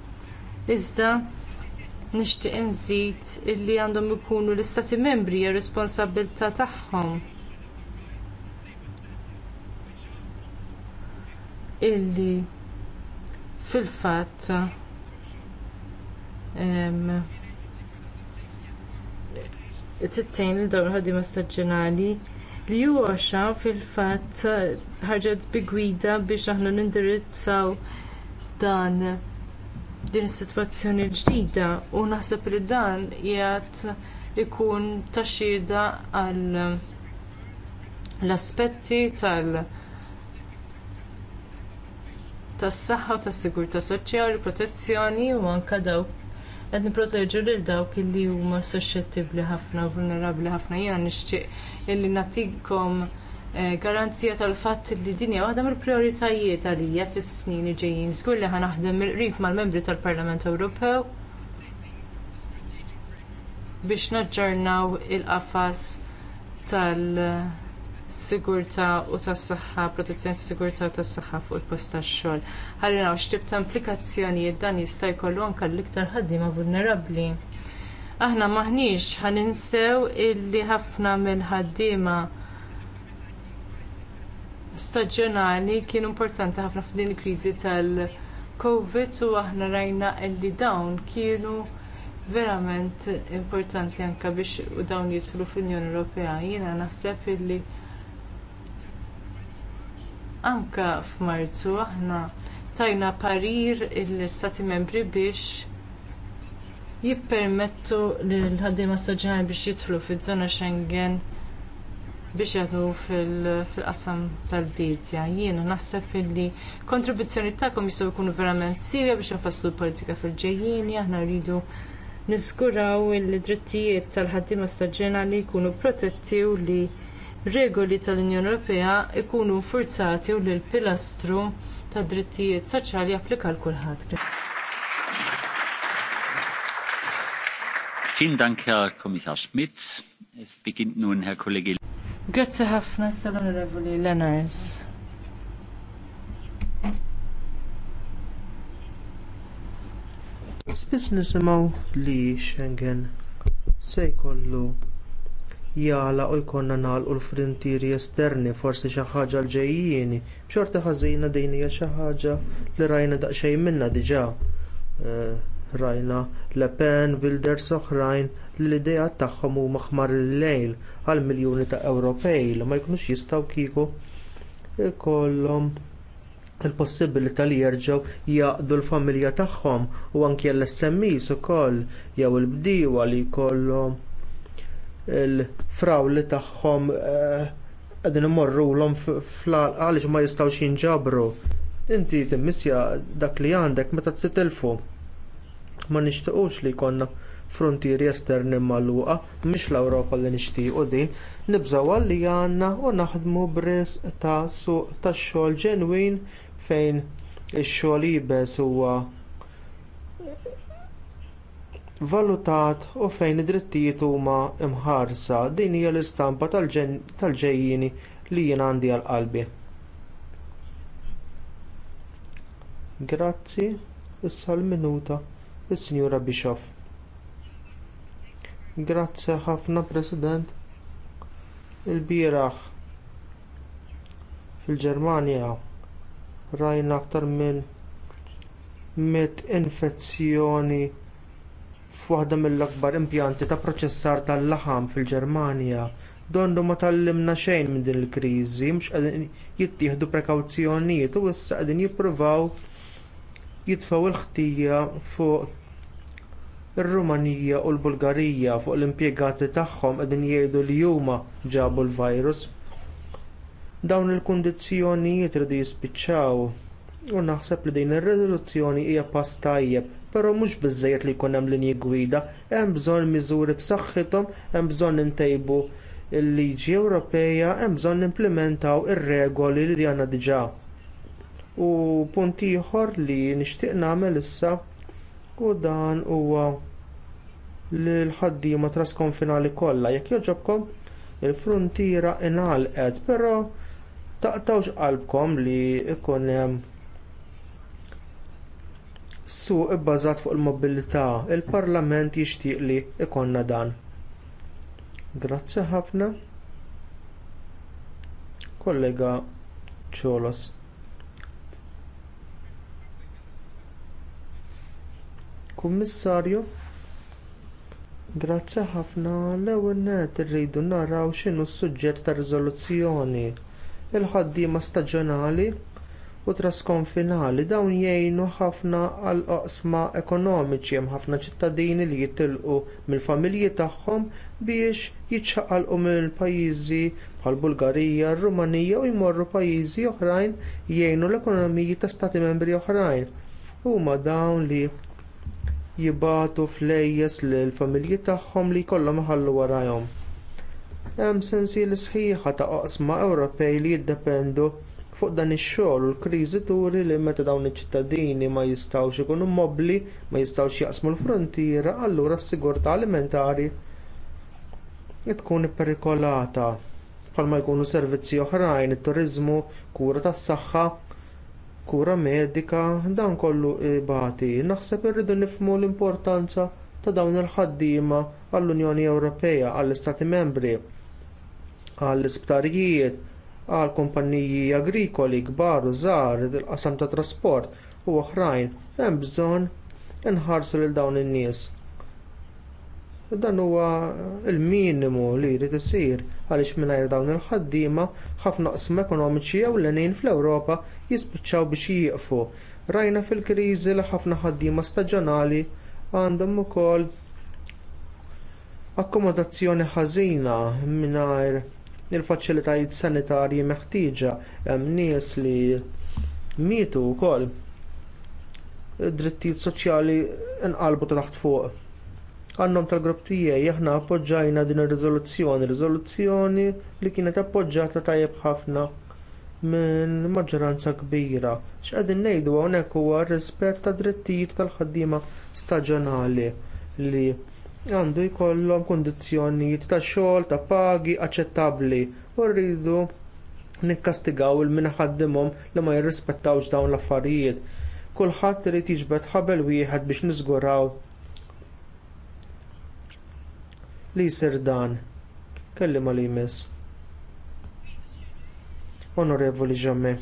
Iżda nixtieq inżid illi għandhom ikunu l-Istati Membri r responsabilità tagħhom illi fil-fatt tejn il dawn ħadima staġġjonali li huwa fil-fatt ħarġet bi gwida biex aħna nindirizzaw dan din is-sitwazzjoni ġdida u naħseb li dan qiegħed ikun taxxida għall aspetti tal- tas-saħħa u tas-sigurtà soċjali, protezzjoni u anke dawk qed nipproteġu lil dawk illi huma suscettibbli ħafna u vulnerabbli ħafna. Jiena nixtieq illi nagħtikom eh, garanzija tal-fatt li dinja waħda mill-prijoritajiet għalija fis-snin li ġejjin. Żgur li ħa naħdem mill-qrib mal-membri tal-Parlament Ewropew biex naġġornaw il-qafas tal- sigurtà u tas-saħħa, protezzjoni ta' sigurtà u tas-saħħa fuq il-post tax-xogħol. Ħalli naraw x'tib ta' implikazzjonijiet dan jista' jkollu anke l-iktar ħaddiema vulnerabbli. Aħna maħniex ħaninsew illi ħafna mill-ħaddiema staġjonali kienu importanti ħafna f'din il-kriżi tal-COVID u aħna rajna illi dawn kienu verament importanti anke biex dawn jidħlu fl-Unjoni Ewropea. Jiena naħseb illi Anke f'Marzu aħna tajna parir il-Stati membri biex jippermettu l-ħaddiema staġjonali biex jidħlu fiż-żona Schengen biex jagħdu fil-qasam tal-bidja. Jiena naħseb illi kontribuzzjoni tagħkom jistgħu jkunu verament sirja biex nfasslu l-politika fil-ġejjieni, aħna rridu niskuraw il-drittijiet tal-ħaddiema staġjonali jkunu protetti u li regoli tal-Unjoni Ewropea ikunu forzati u l-pilastru tad drittijiet soċjali japplika l kulħadd. Fin Dank, Herr Kommissar Schmidt. Es beginnt nun Herr Kollege. Grazie ħafna, Salon onorevoli Lenners. Spisnis nisimgħu li Schengen se jkollu jala u jkollna nagħlqu l-frontieri esterni forsi xi ħaġa l ġejjin B'xorta ħażina din hija xi ħaġa li rajna daqsxejn minnha diġà. Eh, rajna Le Pen, Wilders oħrajn li l-idea tagħhom huma ħmar il-lejl għal miljuni ta' Ewropej li ma jkunux jistgħu kieku ikollhom il-possibilità li jerġgħu jaqdu l-familja tagħhom u anke l-SMEs ukoll jew il-bdiewa li jkollhom il-frawli tagħhom eh, qegħdin imorrulhom fl-għalqa għaliex ma jistgħux jinġabru. Inti timmisja dak li għandek meta titilfu. Ma nixtiequx li jkollna frontieri esterni magħluqa, mhix l-Ewropa li nixtiequ din, nibżgħu li għandna u naħdmu bris ta' suq tax-xogħol ġenwin fejn ix-xogħol jibes huwa valutat u fejn id-drittijiet huma mħarsa. Din hija l-istampa tal-ġejjini li jien għandi għal qalbi. Grazzi, issa l-minuta, is-Sinjura Bischoff. Grazzi ħafna President. Il-bieraħ fil-Ġermanja rajna aktar minn met infezzjoni f'waħda mill-akbar impjanti ta' proċessar tal-laħam fil-Ġermanja. Donnu ma tallimna xejn minn din il-kriżi, mhux qegħdin jittieħdu prekawzjonijiet u issa qegħdin jippruvaw jitfgħu l-ħtija fuq ir-Rumanija u l-Bulgarija fuq l-impjegati tagħhom qegħdin jgħidu li huma ġabu l-virus. Dawn il kundizzjonijiet iridu jispiċċaw u naħseb li din ir-riżoluzzjoni hija pass tajjeb, però mhux biżżejjed li jkun hemm linji gwida, hemm bżonn miżuri b'saħħithom, hemm bżonn intejbu il-liġi Ewropeja hemm bżonn nimplementaw ir-regoli li għandna diġà. U punt ieħor li nixtieq nagħmel issa u dan huwa li l-ħaddiema traskonfinali kollha jekk joġobkom il-fruntiera ingħalqet, però taqtawx qalbkom li ikun hemm suq ibbażat fuq il-mobilità, il-Parlament jixtieq li jkollna dan. Grazzi ħafna. Kollega Ċolos. Kummissarju, grazzi ħafna l-ewwel net irridu naraw x'inhu s-suġġett ta' riżoluzzjoni il-ħaddiema staġjonali u finali dawn jgħinu ħafna għal oqsma ekonomiċi hemm ħafna ċittadini li jitilqu mill-familji tagħhom biex jiċċaqalqu mill pajjiżi bħal Bulgarija, Rumanija u jmorru pajjiżi oħrajn jgħinu l-ekonomiji ta' stati membri oħrajn. Huma dawn li jibatu flejjes lill familji tagħhom li jkollhom iħallu warajhom. Hemm sensi l-sħiħa ta' oqsma Ewropej li jiddependu fuq dan ix-xogħol u l-kriżi turi li meta dawn iċ-ċittadini ma jistgħux ikunu mobbli, ma jistgħux jaqsmu l-frontiera, allura s-sigurtà alimentari tkun ipperikolata bħalma jkunu servizzi oħrajn, it-turiżmu, kura tas-saħħa, kura medika, dan kollu ibati. Naħseb irridu nifhmu l-importanza ta' dawn il-ħaddiema għall-Unjoni Ewropea, għall-Istati Membri, għall-isptarijiet, għal kumpanniji agrikoli kbar u żgħar il-qasam tat trasport u oħrajn hemm bżonn inħarsu lil dawn in-nies. Dan huwa l minimu li jrid isir għaliex mingħajr dawn il-ħaddiema ħafna qsma ekonomiċi ewlenin fl-Ewropa jispiċċaw biex jieqfu. Rajna fil-kriżi li ħafna ħaddiema staġjonali għandhom ukoll akkomodazzjoni ħażina mingħajr l-faċilitajiet sanitarji meħtieġa hemm nies li mietu wkoll id-drittijiet soċjali nqalbu ta' taħt fuq. Għannom tal-grupp tiegħi aħna appoġġajna din ir-riżoluzzjoni, riżoluzzjoni li kienet appoġġjata tajjeb ħafna minn maġġoranza kbira. X'qegħdin ngħidu hawnhekk huwa r rispett tad drittijiet tal-ħaddiema staġjonali li għandu jkollhom kundizzjonijiet ta' xogħol ta' pagi aċċettabbli u rridu nikkastigaw il-minħaddimhom li ma jirrispettawx dawn l-affarijiet. Kulħadd irid jiġbed ħabel wieħed biex niżguraw li jsir dan. Kelli li jmiss. Onorevoli Ġamme,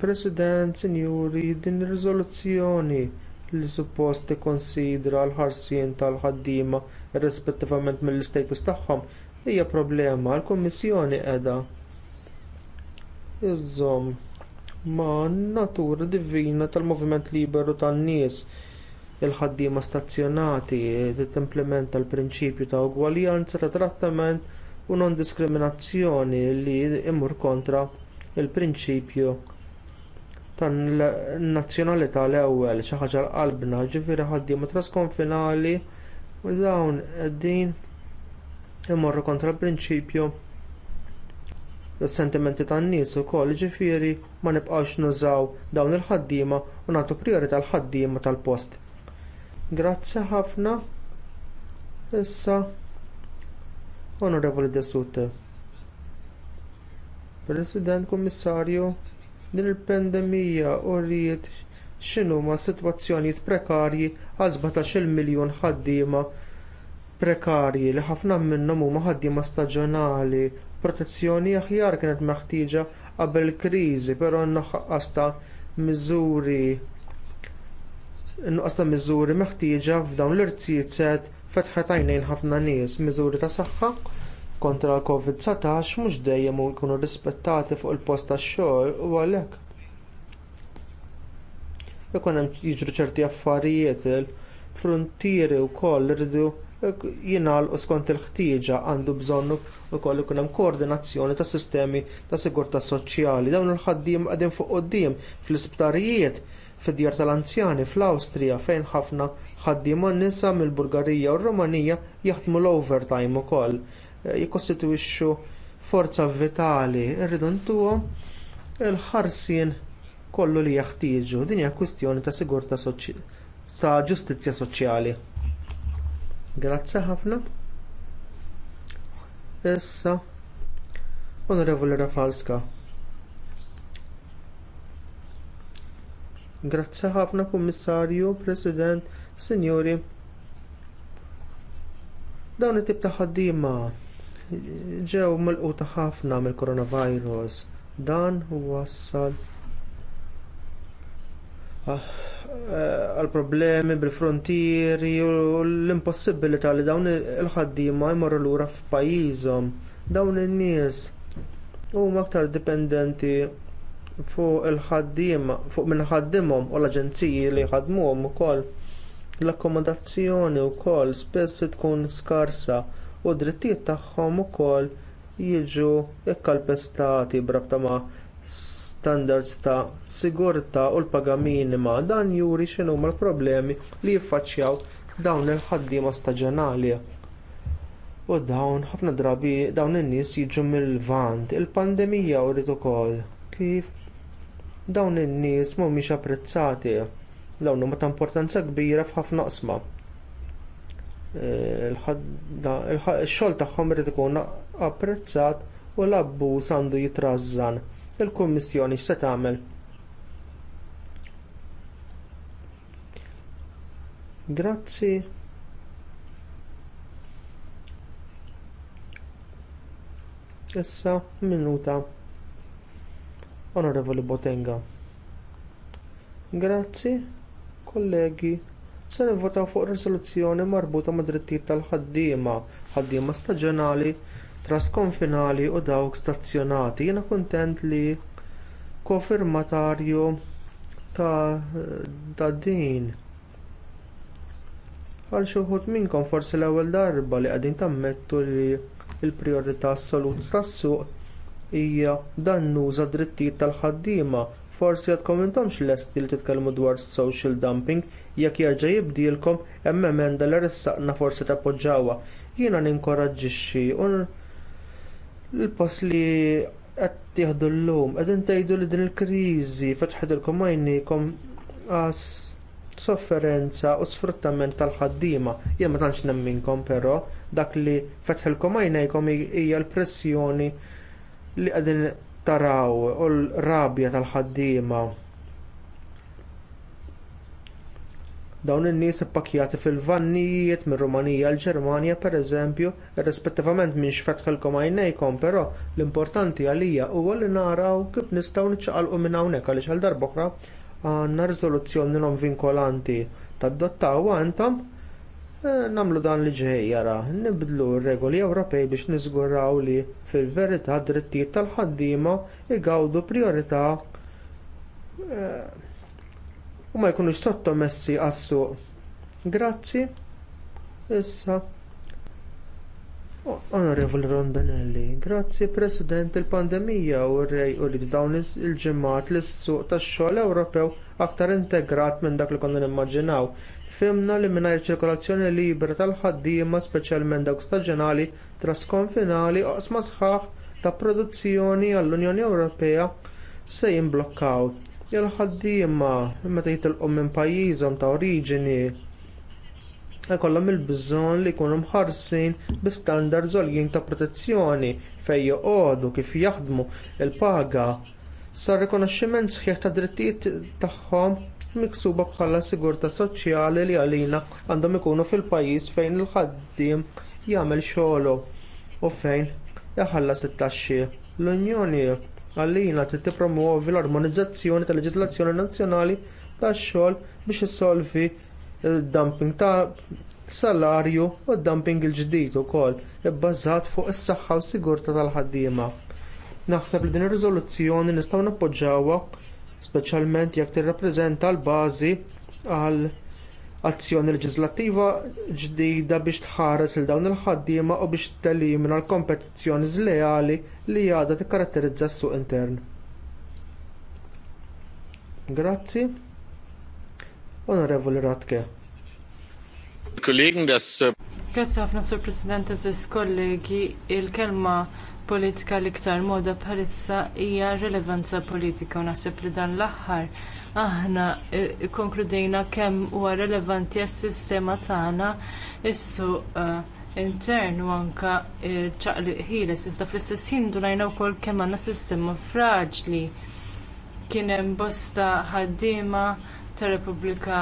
President, Sinjuri, din ir-riżoluzzjoni li suppost ikkonsidra l-ħarsien tal-ħaddiema irrispettivament mill-istatus tagħhom hija problema l-Kummissjoni qiegħda iżżomm ma' natura divina tal-moviment liberu tan-nies il-ħaddiema stazzjonati timplementa l-prinċipju ta' ugwaljanza ta' trattament u non-diskriminazzjoni li imur kontra l prinċipju tan nazzjonalità l-ewwel xi ħaġa qalbna ġifieri ħaddiema trasconfinali u dawn qegħdin imorru kontra l-prinċipju s-sentimenti tan-nies ukoll ġifieri ma nibqgħux nużaw dawn il-ħaddiema u nagħtu prijorità l-ħaddiema tal-post. Grazzi ħafna. Issa Onorevoli Dessute. President Kummissarju Din il-pandemija urriet x'inhuma sitwazzjonijiet prekarji għal 17 miljun ħaddiema prekarji li ħafna minnhom huma ħaddiema staġjonali. Protezzjoni aħjar kienet meħtieġa qabel kriżi, però nnaqqas ta' miżuri ta' miżuri meħtieġa f'dawn l-irtijiet fetħet għajnejn ħafna nies, miżuri ta' saħħa, kontra l-COVID-19 mhux dejjem ikunu rispettati fuq il-post tax-xogħol u għalhekk ikun hemm jiġru ċerti affarijiet il-frontieri wkoll irridu jingħalqu skont il-ħtieġa għandu bżonn ukoll ikun hemm koordinazzjoni tas sistemi ta' sigurtà soċjali dawn il-ħaddiem qegħdin fuq quddiem fl-isptarijiet fid-djar tal-anzjani fl-Awstrija fejn ħafna ħaddiema nisa mill-Bulgarija u r-Rumanija jaħdmu l-overtime ukoll. Eh, jikkostitwixxu forza vitali rridu ntuhom il-ħarsien kollu li jaħtieġu. Din hija kwistjoni ta' sigurtà ta' ġustizzja soċjali. Grazzi ħafna. Issa, Onorevoli Rafalska. Grazzi ħafna Kummissarju, President, Sinjuri. Dawn it tib ta' ħaddiema ġew melquta ħafna mill-coronavirus. Dan wassal ah, eh, għal problemi bil-frontieri u l-impossibilità li dawn il-ħaddiema jmorru lura f'pajjiżhom. Dawn in-nies huma aktar dipendenti fuq il-ħaddiema fuq minn ħaddimhom u l-aġenziji li ħadmuhom ukoll l-akkomodazzjoni wkoll spess tkun skarsa u d-drittijiet tagħhom ukoll jiġu ikkalpestati brabta ma' standards ta' sigurtà u l-paga minima dan juri x'inhuma l-problemi li jiffaċċjaw dawn il-ħaddiema staġjonali. U dawn ħafna drabi dawn in-nies jiġu mill-vant, il-pandemija wrid ukoll kif dawn in-nies mhumiex apprezzati dawn huma ta' importanza kbira f'ħafna qsma il-xogħol tagħhom irid ikun apprezzat u l-abbuż għandu jitrażżan. Il-Kummissjoni se tagħmel? Grazzi. Issa minuta. Onorevoli Botenga. Grazzi, kollegi se nivvotaw fuq riżoluzzjoni marbuta mad drittijiet tal-ħaddiema, ħaddiema staġjonali, trasconfinali u dawk stazzjonati. Jiena kuntent li kofirmatarju ta', ta din għal xi wħud minnhom forsi l-ewwel darba li qegħdin tammettu li l-prijorità assoluta tas-suq hija dannuża d-drittijiet tal-ħaddiema forsi għadkom intomx lesti li titkellmu dwar social dumping, jekk jerġa' jibdilkom hemm emenda li ressaqna forsi tappoġġawha. Jiena ninkoraġġixxi u l-pass li qed tieħdu llum qegħdin tgħidu li din il-kriżi fetħedilkom għajnejkom għas sofferenza u sfruttament tal-ħaddiema. Jien ma tantx nemminkom però dak li fetħilkom għajnejkom hija l-pressjoni li qegħdin taraw u l-rabja tal-ħaddiema dawn in-nies ippakjati fil-vannijiet minn Rumanija għal Ġermanja pereżempju, irrispettivament minn xfetħilkom għajnejkom, però l-importanti għalija huwa li naraw kif nistgħu niċċaqalqu minn hawnhekk għaliex għal oħra għandna riżoluzzjoni non vinkolanti tad-dottaw għandhom Eh, namlu dan li ġej jara, nibdlu r-regoli Ewropej biex niżguraw li fil-verità drittijiet tal-ħaddiema igawdu priorità eh, u ma jkunux sottomessi għas-suq. Grazzi, issa Oh, Onorevoli Rondinelli, grazzi President il-pandemija u rrej u li dawn il-ġimmat l suq tax-xogħol Ewropew aktar integrat minn dak li konna nimmaġinaw. Fimna li mingħajr ċirkolazzjoni libera tal-ħaddiema speċjalment dawk staġjonali trasconfinali oqsma sħaħ ta' produzzjoni għall-Unjoni Ewropea se jimblokkaw. Il-ħaddiema meta jitilqu minn pajjiżhom ta' oriġini jkollhom il-bżonn li jkunu mħarsin bi standards għoljin ta' protezzjoni fejn joqogħdu kif jaħdmu il-paga sa' rikonoxximent sħiħ ta' drittijiet tagħhom miksuba bħala sigurtà soċjali li għalina għandhom ikunu fil-pajjiż fejn il-ħaddiem jagħmel xogħlu u fejn iħallas it-taxxi. L-Unjoni għalina trid tippromuovi l-armonizzazzjoni tal-leġiżlazzjoni nazzjonali tax-xogħol biex issolvi il-dumping ta' salarju u d dumping il-ġdid ukoll ibbażat fuq is-saħħa u s-sigurtà tal-ħaddiema. Naħseb li din ir-riżoluzzjoni nistgħu nappoġġawha speċjalment jekk tirrappreżenta l-bażi għal azzjoni leġislattiva ġdida biex tħares il dawn il-ħaddiema u biex telimina l-kompetizzjoni żleali li għadha tikkaratterizza s-suq intern. Grazzi. Onorevoli Ratke. Kollegen, das. Äh, Grazie ħafna, Sur President, eżis kollegi, il-kelma politika l-iktar moda bħalissa hija rilevanza politika u naħseb li dan l-aħħar aħna eh, konkludejna kemm huwa relevanti għas-sistema tagħna is-suq eh, intern u anke eh, ċaqliq ħieles iżda fl-istess ħin durajna wkoll kemm għandna sistema fraġli kien hemm bosta ħaddiema tar-Repubblika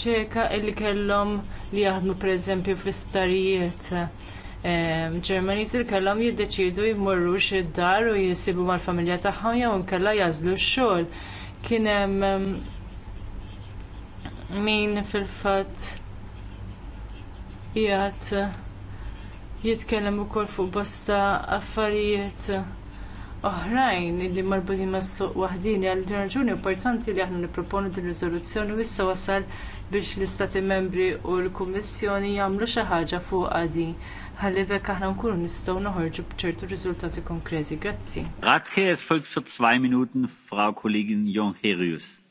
Ċeka illi kellhom li jaħdmu pereżempju fl-isptarijiet ehm, Ġermaniż li kellhom jiddeċidu jmorrux id-dar u jisibu mal-familja tagħhom jew inkella jażlu x-xogħol. Kien hemm ehm, min fil-fatt jgħat jitkellem ukoll fuq bosta affarijiet oħrajn li marbutin mas suq waħdini għal ġuni importanti li aħna nipproponu din riżoluzzjoni u issa wasal biex l-Istati membri u l-Kummissjoni jagħmlu xi ħaġa fuq għadi ħalli bekk aħna nkunu nistgħu noħorġu b'ċertu riżultati konkreti. Grazzi. Radke es folgt für zwei Minuten Frau Kollegin Herius.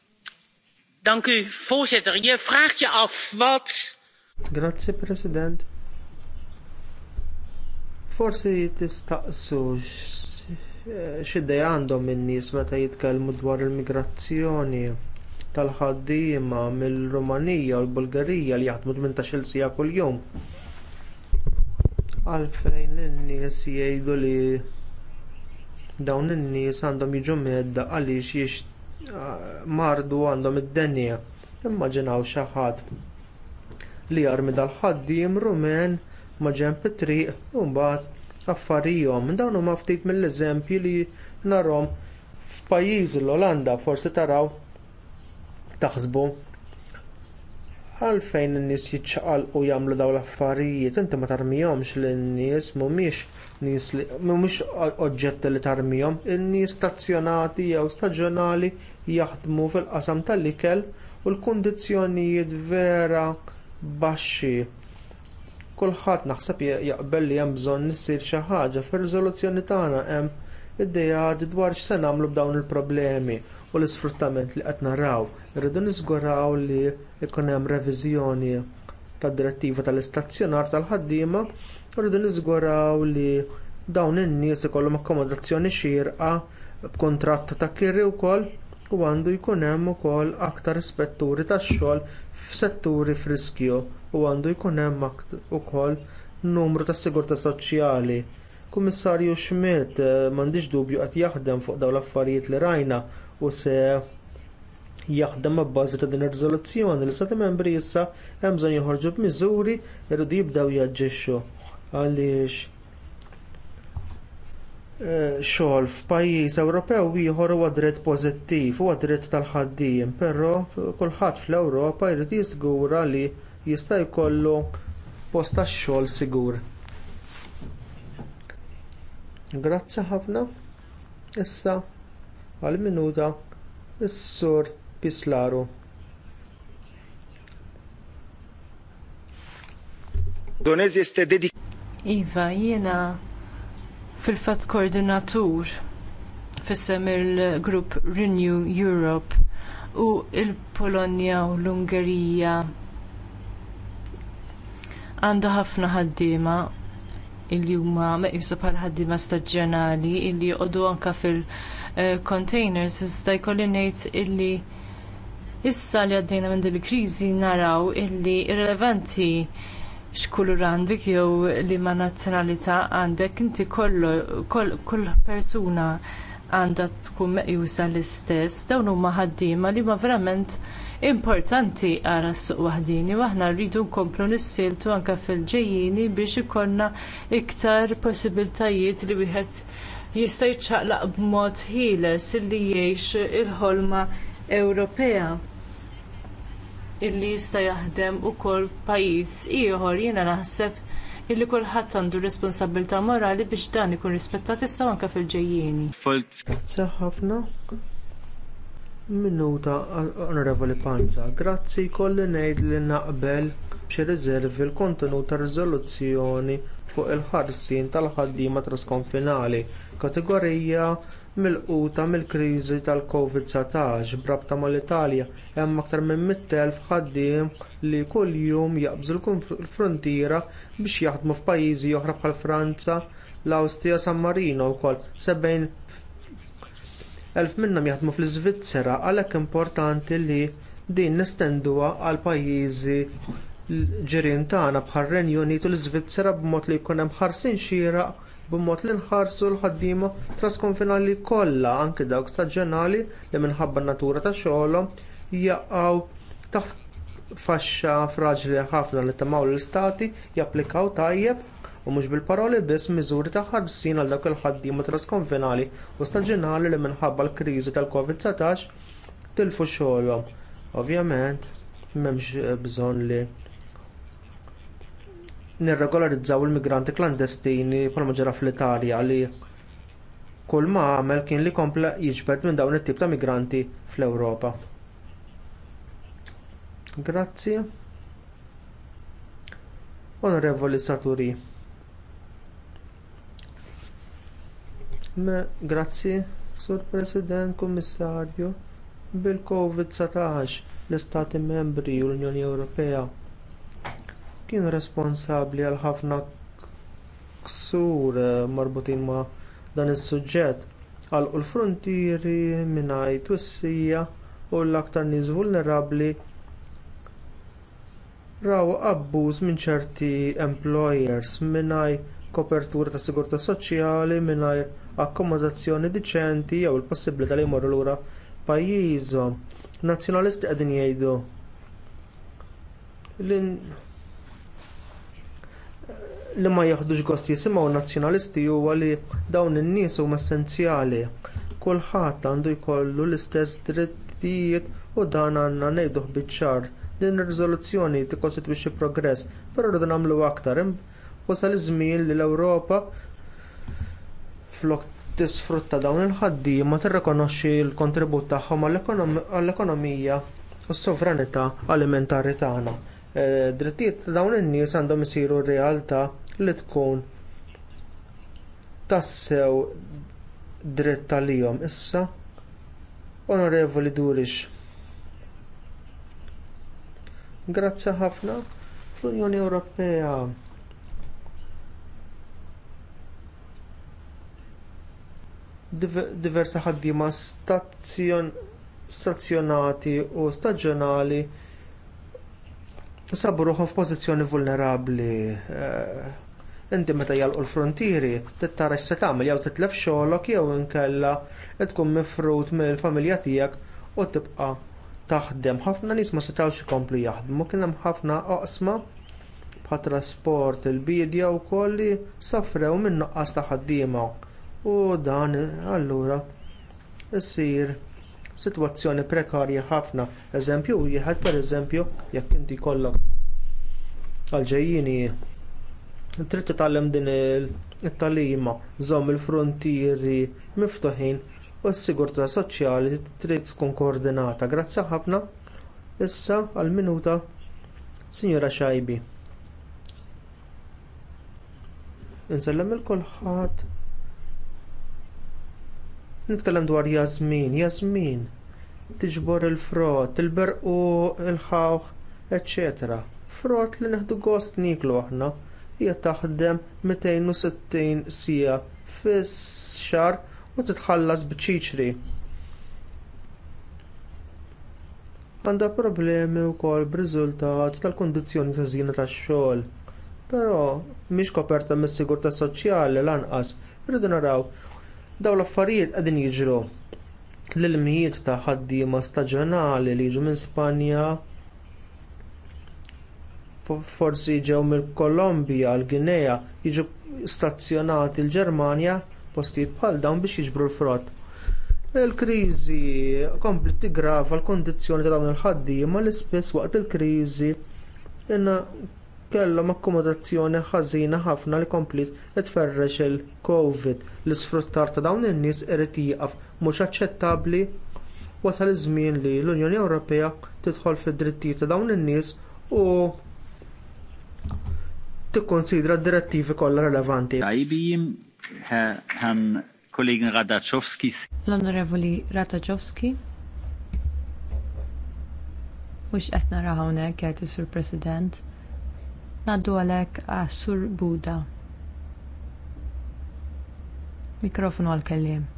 Dank u, voorzitter. Je vraagt je af wat. Grazie, president. Forsi tistaqsu xiddeja għandhom in-nies meta jitkellmu dwar il-migrazzjoni tal-ħaddiema mill-Rumanija u l-Bulgarija li jaħdmu 18-il sija kuljum. Għalfejn in-nies jgħidu li dawn in-nies għandhom jiġu medda għaliex mardu għandhom id-denja. Immaġinaw xi ħadd li jarmi dal-ħaddiem rumen ma' ġenb it-triq u mbagħad affarijhom. Dawn huma ftit mill-eżempji li narhom f'pajjiżi l-Olanda forsi taraw taħsbu għalfejn in-nies jiċċaqalqu jagħmlu dawn l-affarijiet, inti ma tarmihomx lin-nies mhumiex nies li mhumiex oġġetti li tarmihom, in-nies stazzjonati jew staġjonali jaħdmu fil-qasam tal-ikel u l kundizzjonijiet vera baxxi kulħadd naħseb jaqbel li hemm bżonn issir xi ħaġa fir-riżoluzzjoni tagħna hemm id dwar x'se nagħmlu b'dawn il-problemi u l-isfruttament li qed naraw. Irridu niżguraw li jkun hemm reviżjoni tad-direttiva tal-istazzjonar tal-ħaddiema, rridu niżguraw li dawn in-nies ikollhom akkomodazzjoni xierqa b'kuntratt ta' kirri wkoll u għandu jkun hemm ukoll aktar ispetturi tax-xogħol f'setturi f'riskju u għandu jkun hemm ukoll numru tas sigurtà soċjali. Kummissarju Schmidt eh, m'għandix dubju qed jaħdem fuq dawn l-affarijiet li rajna u se jaħdem b'bażi ta' din ir-riżoluzzjoni li stati membri issa hemm bżonn joħorġu b'miżuri jridu jibdew jaġġixxu. Għaliex Eh, xogħol f'pajjiż Ewropew ieħor huwa dritt pożittiv, huwa dritt tal-ħaddiem, però kulħadd fl-Ewropa jrid jiżgura li jista' jkollu post tax-xogħol sigur. Grazzi ħafna. Issa għal-minuta is-sur Pislaru. dedik. Iva, fil-fatt koordinatur fissem il-grupp Renew Europe u l polonja u l-Ungerija għandha ħafna ħaddiema illi huma meqjusa bħal ħaddiema staġjonali illi joqogħdu anke fil-containers iżda jkolli ngħid illi issa li għaddejna minn din il kriżi naraw illi irrelevanti x'kulur għandek jew li ma nazzjonalità għandek inti kollu kull persuna għandha tkun meqjusa l-istess dawn huma ħaddiema li ma verament importanti għara s-suq wahdini, aħna rridu nkomplu nissiltu anke fil-ġejjini biex ikollna iktar possibiltajiet li wieħed jista' jiċċaqlaq b'mod ħieles illi jgħix il-ħolma Ewropea illi jista' jaħdem ukoll pajjiż ieħor jiena naħseb illi kulħadd għandu responsabilità morali biex dan ikun rispettat issa anke fil-ġejjieni. Grazzi ħafna. Minuta Onorevoli Panza, grazzi kolli ngħid li naqbel b'xi riservi l-kontenut ta' riżoluzzjoni fuq il ħarsien tal-ħaddiema trasconfinali, kategorija mill-quta mill-kriżi tal-COVID-19 brabta mal-Italja hemm aktar minn 100,000 ħaddiem li kuljum jaqbżu l-frontiera biex jaħdmu f'pajjiżi oħra bħal Franza, l-Awstrija, San Marino wkoll elf minnhom jaħdmu fl-Iżvizzera għalhekk importanti li din nestenduha għal pajjiżi ġirien tagħna bħar Renju Unit u l-Iżvizzera b'mod li jkun hemm ħarsien xieraq b'mod li nħarsu l-ħaddiema trasconfinali kollha anke dawk staġjonali li minħabba natura ta' xogħolhom jaqgħu taħt faxxa fraġli ħafna li tamaw l-istati japplikaw tajjeb u mhux bil-paroli biss miżuri ta' ħarsin għal dawk il-ħaddiema trasconfinali u staġjonali li minħabba l-kriżi tal-COVID-19 tilfu xogħolhom. Ovvjament, m'hemmx eh, bżonn li nirregolarizzaw il-migranti klandestini bħalma ġara fl-Italja li kull ma għamel kien li kompla jiġbed minn dawn it-tip ta' migranti fl-Ewropa. Grazzi. Onorevoli Saturi. Grazzi, Sur President, Kummissarju, bil-Covid-19 l-Istati Membri u l-Unjoni Ewropea kienu responsabbli għal ħafna ksur eh, marbutin ma' dan is-suġġett għalqu l-frontieri mingħajr twissija u l-aktar nies vulnerabbli raw abbuż minn ċerti employers mingħajr kopertura ta' sigurtà soċjali mingħajr akkomodazzjoni diċenti jew il-possibilità li jmorru lura pajjiżhom. Nazzjonalisti qegħdin jgħidu li ma jaħdux gost jisimgħu nazzjonalisti huwa li dawn in-nies huma essenzjali. Kulħadd għandu jkollu l-istess drittijiet u dan għandna ngħiduh biċ-ċar. Din ir-riżoluzzjoni tikkostitwixxi progress, però rridu nagħmlu aktar. Wasal iż-żmien li l-Ewropa flok tisfrutta dawn il-ħaddiema tirrikonoxxi l-kontribut tagħhom għall-ekonomija u s-sovranità alimentari tagħna. Eh, drittijiet dawn in-nies għandhom isiru realtà li tkun tassew dritt għalihom issa onorevoli Durix. Grazzi ħafna fl-Unjoni Ewropea diversi ħaddiema stazzjonati u staġjonali sabu ruħhom f'pożizzjoni vulnerabbli eh, inti meta jalqu l-frontieri tittara se tagħmel jew titlef xogħlok jew inkella tkun mifrut mill-familja tiegħek u tibqa' taħdem. Ħafna nies ma setgħux ikomplu jaħdmu kien hemm ħafna oqsma bħat trasport il-bidja wkoll li sofrew minn nuqqas ta' ħaddiema u dan allura issir sitwazzjoni prekarja ħafna. Eżempju, jieħed pereżempju jekk inti jkollok għall-ġejjini. Trid titgħallem din it-talima, żomm il-frontieri miftuħin u s-sigurtà soċjali trid tkun koordinata. Grazzi ħafna. Issa għall minuta Sinjora Xajbi. Insellem il-kulħadd Nitkellem dwar Jasmin, Jasmin, tiġbor il-frott, il-berqu, il-ħawħ, etc. Frott li neħdu gost niklu aħna, hija taħdem 260 sija fix-xar u titħallas b'ċiċri. Għandha problemi wkoll b'riżultat tal-kundizzjoni ta' żjien tax-xogħol. Però mhix koperta mis-sigurtà soċjali lanqas irridu naraw dawn l-affarijiet qegħdin jiġru l-ilmijiet ta' ħaddiema staġjonali li jiġu minn Spanja forsi ġew mill kolumbja għal Ginea jiġu stazzjonati l-Ġermanja postijiet bħal dawn biex jiġbru l-frott. Il-kriżi komplet tiggrava l kundizzjoni ta' dawn il-ħaddiema li spiss waqt il-kriżi inna kellhom akkomodazzjoni ħażina ħafna li komplit tferrex il-COVID. L-isfruttar ta' dawn in-nies irid jieqaf mhux aċċettabbli wasal iż-żmien li l-Unjoni Ewropea tidħol fid-drittijiet ta' dawn in-nies u tikkonsidra d-direttivi kollha relevanti. Kollegin Radaczowski. L-Onorevoli Radaczowski. Mux etna raħawne għet sur President. Naddu għalek għas Sur Buda. Mikrofonu għal-kellim.